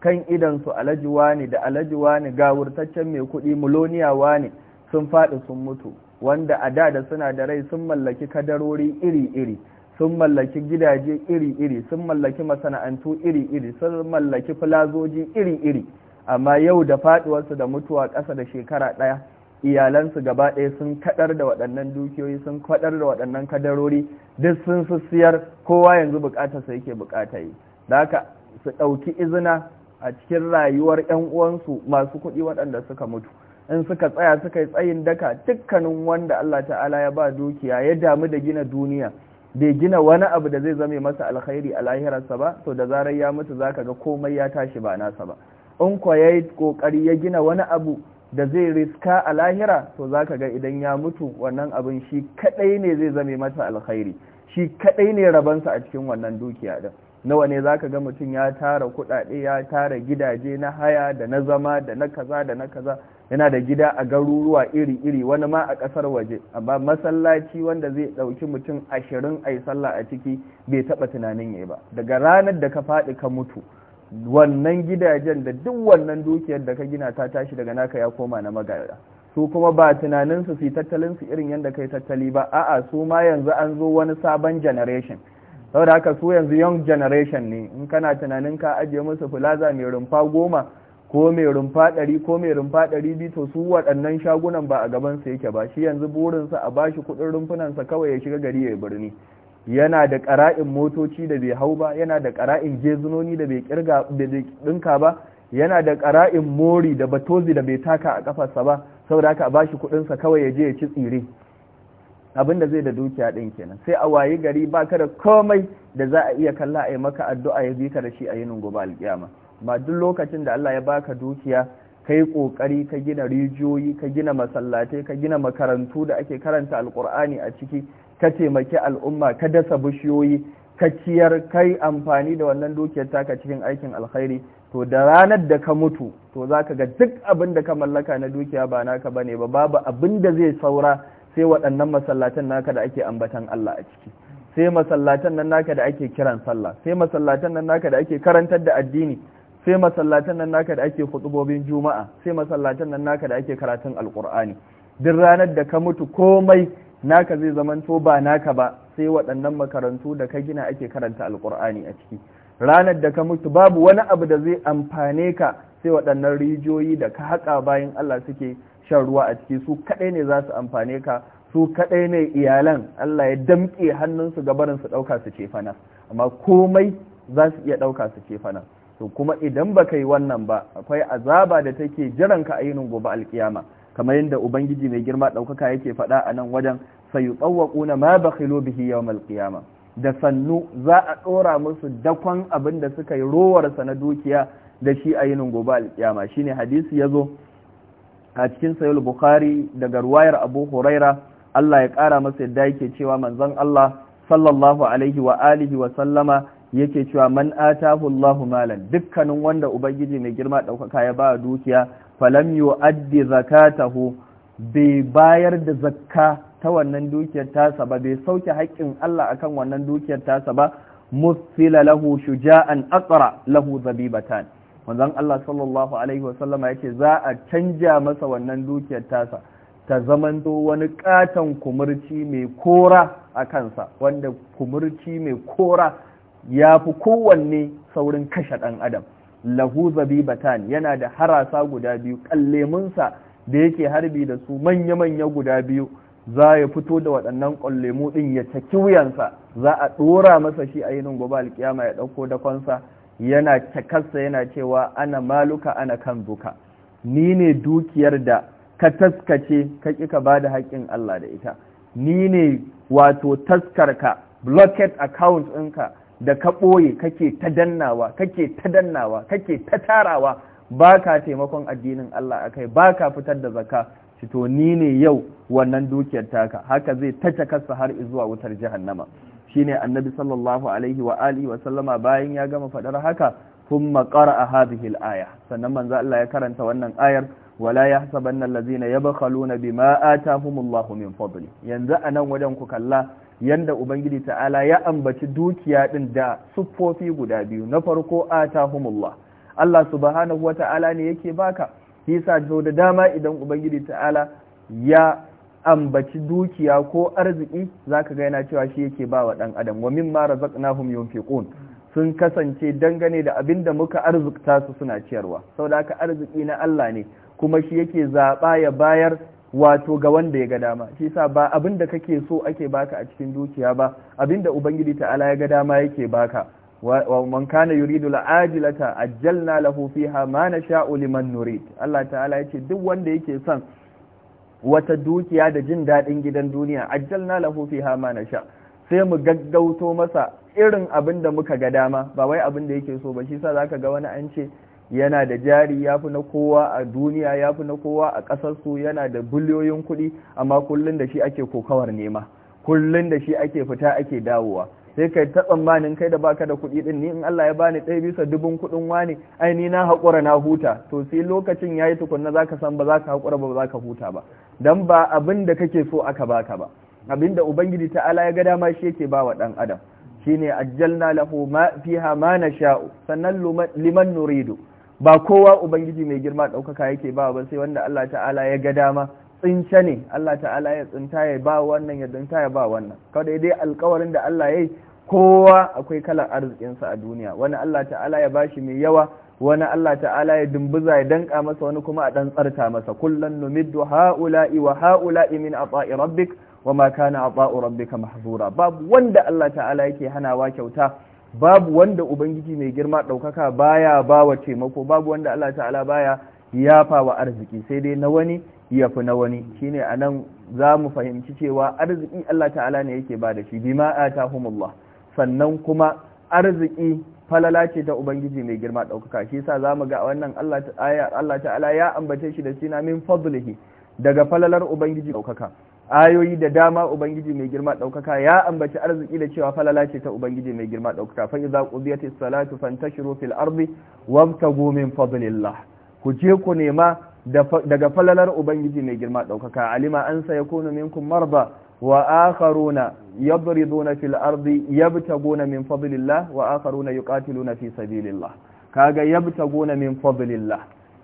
kan idansu alajiwa ne da alajiwa ne gawurtaccen mai kuɗi muloniyawa ne sun faɗi sun mutu wanda a da da suna da rai sun mallaki kadarori iri-iri sun mallaki gidaje iri-iri sun mallaki masana'antu iri-iri sun mallaki filazoji iri-iri amma yau da faduwarsu da mutuwa ƙasa da shekara ɗaya iyalansu gaba ɗaya sun kaɗar da waɗannan dukiyoyi sun kaɗar da waɗannan kadarori duk sun siyar kowa yanzu su yake buƙata yi da haka su ɗauki izina a cikin rayuwar 'yan uwansu masu kuɗi waɗanda suka mutu in suka tsaya suka yi tsayin daka dukkanin wanda Allah ta'ala ya ba dukiya ya damu da gina duniya bai gina wani abu da zai zame masa alkhairi a lahirarsa ba to da zarar ya mutu zaka ga komai ya tashi ba nasa ba in ko ya yi ƙoƙari ya gina wani abu da zai riska a lahira to za ka ga idan ya mutu wannan abin shi kaɗai ne zai zame mata alkhairi shi kaɗai ne rabansa a cikin wannan dukiya ɗin nawa ne za ka ga mutum ya tara kuɗaɗe ya tara gidaje na haya da na zama da na kaza da na kaza yana da gida a garuruwa iri-iri wani ma a ƙasar waje amma masallaci wanda zai ɗauki mutum ashirin a sallah a ciki bai taɓa tunanin ya ba daga ranar da ka faɗi ka mutu wannan gidajen da duk wannan dukiyar da ka gina ta tashi daga naka ya koma na magada su kuma ba tunaninsu su yi tattalinsu irin yadda ka yi tattali ba a'a su ma yanzu an zo wani sabon generation saboda haka su yanzu young generation ne in kana tunanin ka ajiye musu plaza mai rumfa goma ko mai rumfa ɗari ko mai rumfa ɗari biyu to su waɗannan shagunan ba a gabansa yake ba shi yanzu burinsa a bashi kuɗin rumfunansa kawai ya shiga gari ya yi birni yana da ƙara'in motoci da bai hau ba yana da ƙara'in jezunoni da bai kirga da bai ba yana da ƙara'in mori da batozi da bai taka a ƙafarsa ba saboda haka a shi kuɗin sa kawai ya je ya ci tsire abin da zai da dukiya ɗin kenan sai a wayi gari ba ka da komai da za a iya kalla a yi maka addu'a ya bi ka da shi a yinin gobe alƙiyama ba duk lokacin da Allah ya baka dukiya ka yi ƙoƙari ka gina rijiyoyi ka gina masallatai ka gina makarantu da ake karanta alƙur'ani a ciki ka taimaki al'umma ka dasa bishiyoyi ka ciyar kai amfani da wannan dukiyar taka cikin aikin alkhairi to da ranar da ka mutu to za ka ga duk abin da ka mallaka na dukiya ba naka ba ne ba babu abin da zai saura sai waɗannan masallatan naka da ake ambatan Allah a ciki sai masallatan nan naka da ake kiran sallah sai masallatan nan naka da ake karantar da addini sai masallatan nan naka da ake hudubobin juma'a sai masallatan nan naka da ake karatun alkur'ani duk ranar da ka mutu komai naka zai zamanto ba naka ba sai waɗannan makarantu da ka gina ake karanta Alƙur'ani a ciki ranar da ka mutu babu wani abu da zai amfane ka sai waɗannan rijiyoyi da ka haƙa bayan Allah suke shan ruwa a ciki su kaɗai ne za su amfane ka su kaɗai ne iyalan Allah ya damƙe hannunsu gabarin su ɗauka su ce fana amma komai za su iya ɗauka su ce fana to kuma idan ba ka yi wannan ba akwai azaba da take jiran ka a yinin gobe alƙiyama. kamar yadda ubangiji mai girma ɗaukaka yake faɗa a nan wajen sayu tsawakuna ma bakhilu bihi yawmal qiyama da sannu za a ɗora musu dakon abin da suka yi rowarsa na dukiya da shi a yinin gobe alkiyama shine hadisi ya zo a cikin sayul bukhari daga ruwayar abu huraira Allah ya ƙara masa yadda yake cewa manzon Allah sallallahu alaihi wa alihi wa sallama yake cewa man atahu Allahu malan dukkanin wanda ubangiji mai girma daukaka ya ba dukiya falam yu'addi zakatahu bai bayar da zakka ta wannan dukiyar tasa ba bai sauke haƙƙin Allah akan wannan dukiyar tasa ba musila lahu shuja'an aqra lahu zabibatan manzon Allah sallallahu alaihi wa sallama yace za a canja masa wannan dukiyar tasa ta zaman do wani katon kumurci mai kora a kansa wanda kumurci mai kora ya fi kowanne saurin kashe ɗan adam lahu zabibatan yana da harasa guda biyu ƙallemunsa da yake harbi da su manya-manya guda biyu za ya fito da waɗannan ƙwallemu ɗin ya caki wuyansa za a ɗora masa shi a yinin gobe alkiyama ya ɗauko dakonsa yana cakarsa yana cewa ana maluka ana kan zuka ni ne dukiyar da ka taskace ka ƙi ka ba da haƙƙin Allah da ita ni ne wato taskarka blocked account ɗinka da ka ɓoye kake ta dannawa kake ta dannawa kake ta tarawa ba ka taimakon addinin Allah akai ba ka fitar da zaka ci to ni ne yau wannan dukiyar taka haka zai ta kasa har zuwa wutar jahannama shine annabi sallallahu alaihi wa alihi wa sallama bayan ya gama faɗar haka thumma qara'a a aya sannan manzo Allah ya karanta wannan ayar wala yahsabanna allazina yabkhaluna bima atahumullahu min fadli yanzu anan wajen ku kalla yanda ubangiji ta'ala ya ambaci dukiya din da siffofi guda biyu na farko a atahumullah Allah subhanahu wata'ala ne yake baka Hisa zo da dama idan ubangiji ta'ala ya ambaci dukiya ko arziki zaka ga yana cewa shi yake ba wa dan adam wa mimma razaqnahum yunfiqun sun kasance dangane da abin da muka arzikta su suna ciyarwa saboda haka arziki na Allah ne kuma shi yake zaba ya bayar wato ga wanda ya ga dama shi sa ba abin da kake so ake baka a cikin dukiya ba abin da ubangiji ta'ala ya ga dama yake baka wa man kana yuridu al'ajilata ajjalna lahu fiha ma nasha'u liman nurid Allah ta'ala yace duk wanda yake son wata dukiya da jin dadin gidan duniya ajjalna lahu fiha ma nasha sai mu gaggauto masa irin abin da muka ga dama ba wai abin da yake so ba shi sa zaka ga wani an ce yana da jari ya fi na kowa a duniya ya fi na kowa a ƙasarsu yana da biliyoyin kuɗi amma kullum da shi ake kokawar nema kullum da shi ake fita ake dawowa sai kai ta tsammanin kai da baka da kuɗi ɗin ni in Allah ya bani ɗaya bisa dubun kuɗin wani ai ni na haƙura na huta to sai lokacin ya yayi tukunna ka san ba za ka haƙura ba za ka huta ba Don ba abin da kake so aka baka ba abin da ubangiji Ala ya ga dama shi yake ba wa ɗan adam shine ajjalna lahu ma fiha ma nasha'u sannan liman nuridu ba kowa ubangiji mai girma ɗaukaka yake ba ba sai wanda Allah ta'ala ya ga dama tsince ne Allah ta'ala ya tsinta ya ba wannan ya tsinta ya ba wannan kawai dai alkawarin da Allah ya yi kowa akwai kalan arzikinsa a duniya wani Allah ta'ala ya bashi mai yawa wani Allah ta'ala ya dumbuza ya danka masa wani kuma a dan tsarta masa kullun numiddu haula'i wa haula'i min ata'i rabbik wa ma kana ata'u rabbika mahzura babu wanda Allah ta'ala yake hanawa kyauta babu wanda ubangiji mai girma ɗaukaka baya bawa taimako babu wanda Allah ta'ala baya yafa wa arziki sai dai na wani ya fi na wani shine nan za mu fahimci cewa arziki Allah ta'ala ne yake ba da shi bima humullah sannan kuma arziki falala ce ta ubangiji mai girma ɗaukaka shi yasa za mu ga wannan Allah ta'ala ya ambace shi da sina min fadlihi daga falalar ubangiji ɗaukaka ayoyi da dama ubangiji mai girma daukaka ya ambaci arziki da cewa falala ce ta ubangiji mai girma daukaka fa idza qudiyatis salatu fantashiru fil ardi wabtagu min fadlillah ku je ku nema daga falalar ubangiji mai girma daukaka alima an sayakunu minkum marba wa akharuna yadriduna fil ardi yabtaguna min fadlillah wa akharuna yuqatiluna fi sabilillah kaga yabtaguna min fadlillah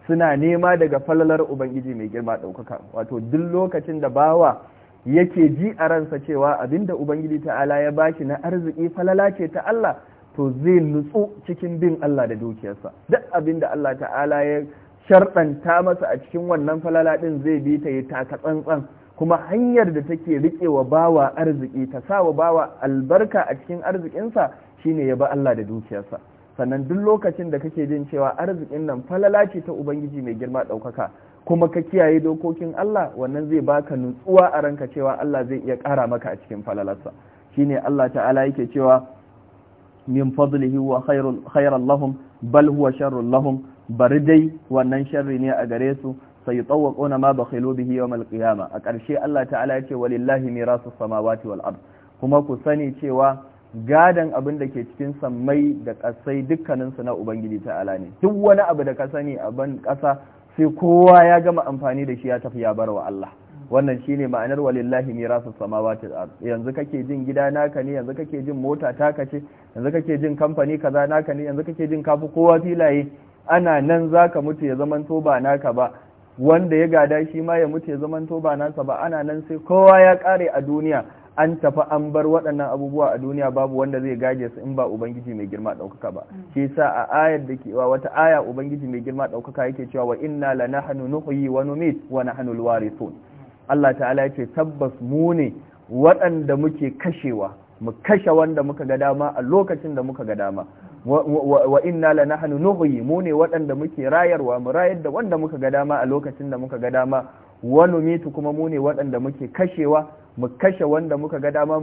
suna nema daga falalar ubangiji mai girma ɗaukaka wato duk lokacin da bawa yake ji a ransa cewa abinda ubangiji ta'ala ya bashi na arziki falala ce ta Allah to zai nutsu cikin bin Allah da dukiyarsa duk abinda Allah ta'ala ya sharɗanta masa a cikin wannan falala ɗin zai bi ta yi taka tsantsan kuma hanyar da take riƙe wa bawa arziki ta sa wa bawa albarka a cikin arzikinsa shine ya ba Allah da dukiyarsa sannan duk lokacin da kake jin cewa arzikin nan falala ce ta ubangiji mai girma ɗaukaka kuma ka kiyaye dokokin Allah wannan zai baka nutsuwa a ranka cewa Allah zai iya ƙara maka a cikin falalarsa ne Allah ta'ala yake cewa min fadlihi wa khairul lahum bal huwa sharrul lahum bari dai wannan sharri ne a gare su sai tsawwaquna ma bakhilu bihi yawmal qiyama a ƙarshe Allah ta'ala yake walillahi mirasus samawati wal ard kuma ku sani cewa gadan abin da ke cikin sammai da kasai dukkaninsu na ubangiji ta'ala ne duk wani abu da ka sani a ban kasa sai kowa ya gama amfani da shi ya tafi ya bar wa Allah wannan shine ma'anar walillahi mirasu samawati yanzu kake jin gida naka ne yanzu kake jin mota taka ce yanzu kake jin kamfani kaza naka ne yanzu kake jin kafi kowa filaye ana nan zaka mutu ya zaman to ba naka ba wanda ya gada shi ma ya mutu ya zaman to ba nasa ba ana nan sai kowa ya kare a duniya an tafi an bar waɗannan abubuwa a duniya babu wanda zai gaje su in ba ubangiji mai girma ɗaukaka ba mm. shi sa a ayar da ke wata aya ubangiji mai girma ɗaukaka yake cewa wa inna lanahnu nuhyi wa numit wa nahnu alwarithun Allah ta'ala ce tabbas mu ne waɗanda muke kashewa mu kashe wanda muka ga dama a lokacin da muka ga dama wa inna lanahnu nuhyi mu ne waɗanda muke rayarwa mu rayar da wanda muka ga dama a lokacin da muka ga dama wa numitu kuma mu ne waɗanda muke kashewa mu kashe wanda muka ga dama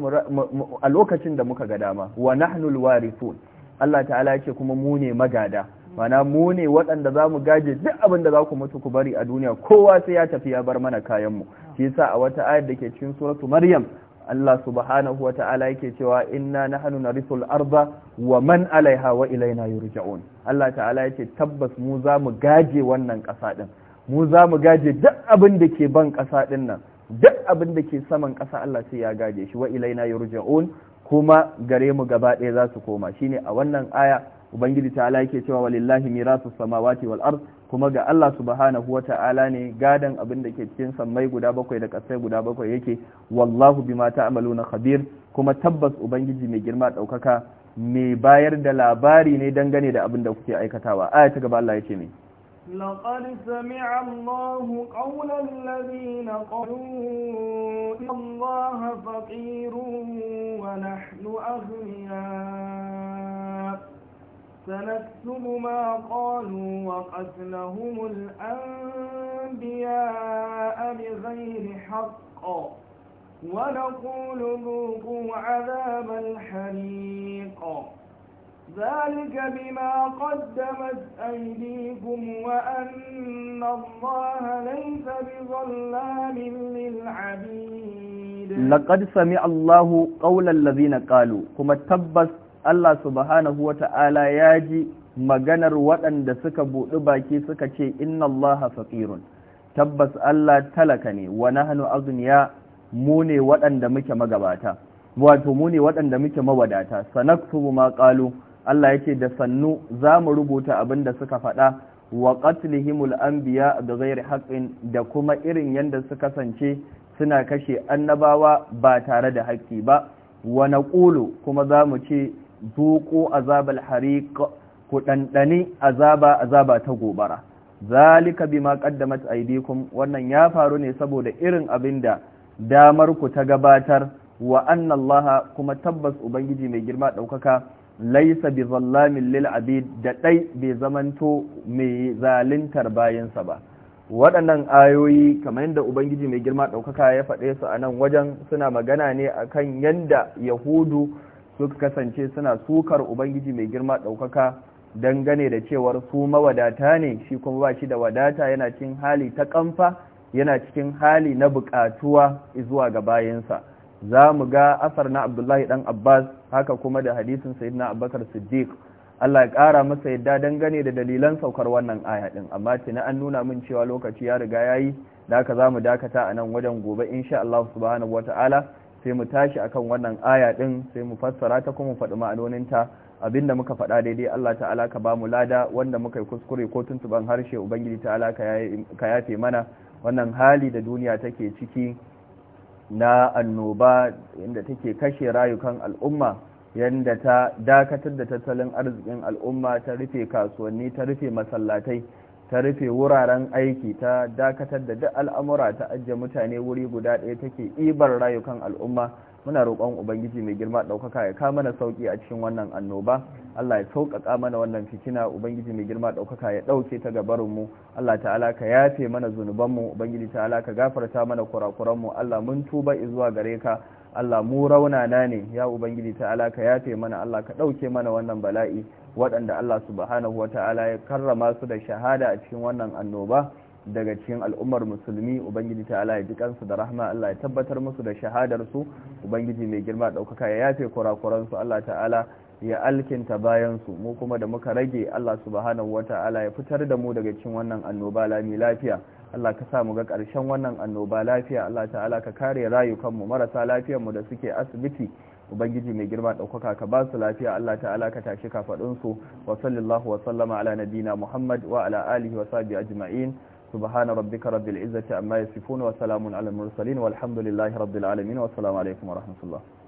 a lokacin da muka ga dama wa nahnul warithun Allah ta'ala yake kuma mu ne magada mana mu ne waɗanda za mu gaje duk abin da za ku mutu ku bari a duniya kowa sai ya tafi ya bar mana kayan mu shi yasa a wata ayar da cikin suratu maryam Allah subhanahu wata'ala yake cewa inna nahnu narithul arda wa man alaiha wa ilaina yurja'un Allah ta'ala yake tabbas mu za mu gaje wannan ƙasa din mu za mu gaje duk abin da ke ban ƙasa din nan duk abin da ke saman ƙasa Allah sai ya gaje shi wa ilaina yurja'un kuma gare mu gaba ɗaya za su koma shine a wannan aya ubangiji ta'ala yake cewa walillahi mirasu samawati wal ard kuma ga Allah subhanahu ta'ala ne gadan abin da ke cikin sammai guda bakwai da ƙasai guda bakwai yake wallahu bima ta'maluna khabir kuma tabbas ubangiji mai girma ɗaukaka mai bayar da labari ne dangane da abin da kuke aikatawa aya ta gaba Allah yace ne لقد سمع الله قول الذين قالوا إن الله فقير ونحن أغنياء سنكتب ما قالوا وقتلهم الأنبياء بغير حق ونقول ذوقوا عذاب الحريق ذلك بما قدمت أيديكم وأن الله ليس بظلام للعبيد لقد سمع الله قول الذين قالوا كما تبس الله سبحانه وتعالى ياجي maganar waɗanda suka buɗi baki suka ce inna allaha faqirun tabbas Allah talaka ne wa nahnu azniya mu ne waɗanda muke magabata wato mu ne waɗanda muke mawadata sanaktubu ma qalu Allah yake da sannu za mu rubuta abin da suka faɗa wa qatlihimul anbiya da ghairi haqqin da kuma irin yanda suka kasance suna kashe annabawa ba tare da haƙƙi ba wa ƙulu kuma za mu ce zuqu azabal hariq ku dandane azaba azaba ta gobara zalika bima qaddamat aydikum wannan ya faru ne saboda irin abin da damar ku ta gabatar wa annallaha kuma tabbas ubangiji mai girma ɗaukaka. laisa bi zallamin lil abid da dai bai zamanto mai zalintar bayansa ba waɗannan ayoyi kamar yadda ubangiji mai girma ɗaukaka ya faɗe su a nan wajen suna magana ne akan yadda yahudu suka kasance suna sukar ubangiji mai girma ɗaukaka dangane da cewar su mawadata ne shi kuma ba shi da wadata yana cikin hali ta kamfa yana cikin hali na buƙatuwa zuwa ga bayansa za mu ga asar na abdullahi dan abbas haka kuma da hadisin na abubakar siddiq Allah ya kara masa yadda dangane da dalilan saukar wannan aya din amma tuni an nuna min cewa lokaci ya riga yayi da za zamu dakata a nan wajen gobe insha Allah subhanahu wataala sai mu tashi akan wannan aya din sai mu fassara ta kuma faɗi ma'anoninta abinda muka faɗa daidai Allah ta'ala ka bamu lada wanda muka yi kuskure ko tuntuban harshe ubangiji ta'ala ka yafe mana wannan hali da duniya take ciki na annoba yadda take kashe rayukan al'umma yadda ta dakatar da tattalin arzikin al'umma ta rufe kasuwanni ta rufe masallatai ta rufe wuraren aiki ta dakatar da duk al'amura ta ajiye mutane wuri guda ɗaya take ibar rayukan al'umma muna roƙon ubangiji mai girma ɗaukaka ya kama na sauƙi a cikin wannan annoba Allah ya sauƙaƙa mana wannan fitina ubangiji mai girma ɗaukaka ya ɗauke ta gabarinmu Allah ta'ala ka yafe mana zunubanmu ubangiji ta'ala ka gafarta mana kurakuranmu Allah mun tuba zuwa gare ka Allah mu rauna na ne ya ubangiji ta alaka ya mana Allah ka ɗauke mana wannan bala'i waɗanda Allah subhanahu wa ta'ala ya karrama su da shahada a cikin wannan annoba daga cikin al'ummar musulmi ubangiji ta'ala ya ji kansu da rahama Allah ya tabbatar musu da shahadarsu ubangiji mai girma ɗaukaka ya yafe kurakuransu Allah ta'ala ya alkinta bayansu mu kuma da muka rage Allah subhanahu wa ta'ala ya fitar da mu daga cikin wannan annoba lami lafiya Allah ka samu ga ƙarshen wannan annoba lafiya Allah ta'ala ka kare rayukanmu marasa lafiyarmu da suke asibiti ubangiji mai girma ɗaukaka ka ba su lafiya Allah ta'ala ka tashi kafaɗinsu wa sallallahu wa sallama ala nabina Muhammad wa ala alihi wa sahbihi ajma'in subhana rabbika rabbil izzati amma yasifun wa salamun ala mursalin walhamdulillahi rabbil alamin wa assalamu alaikum wa rahmatullah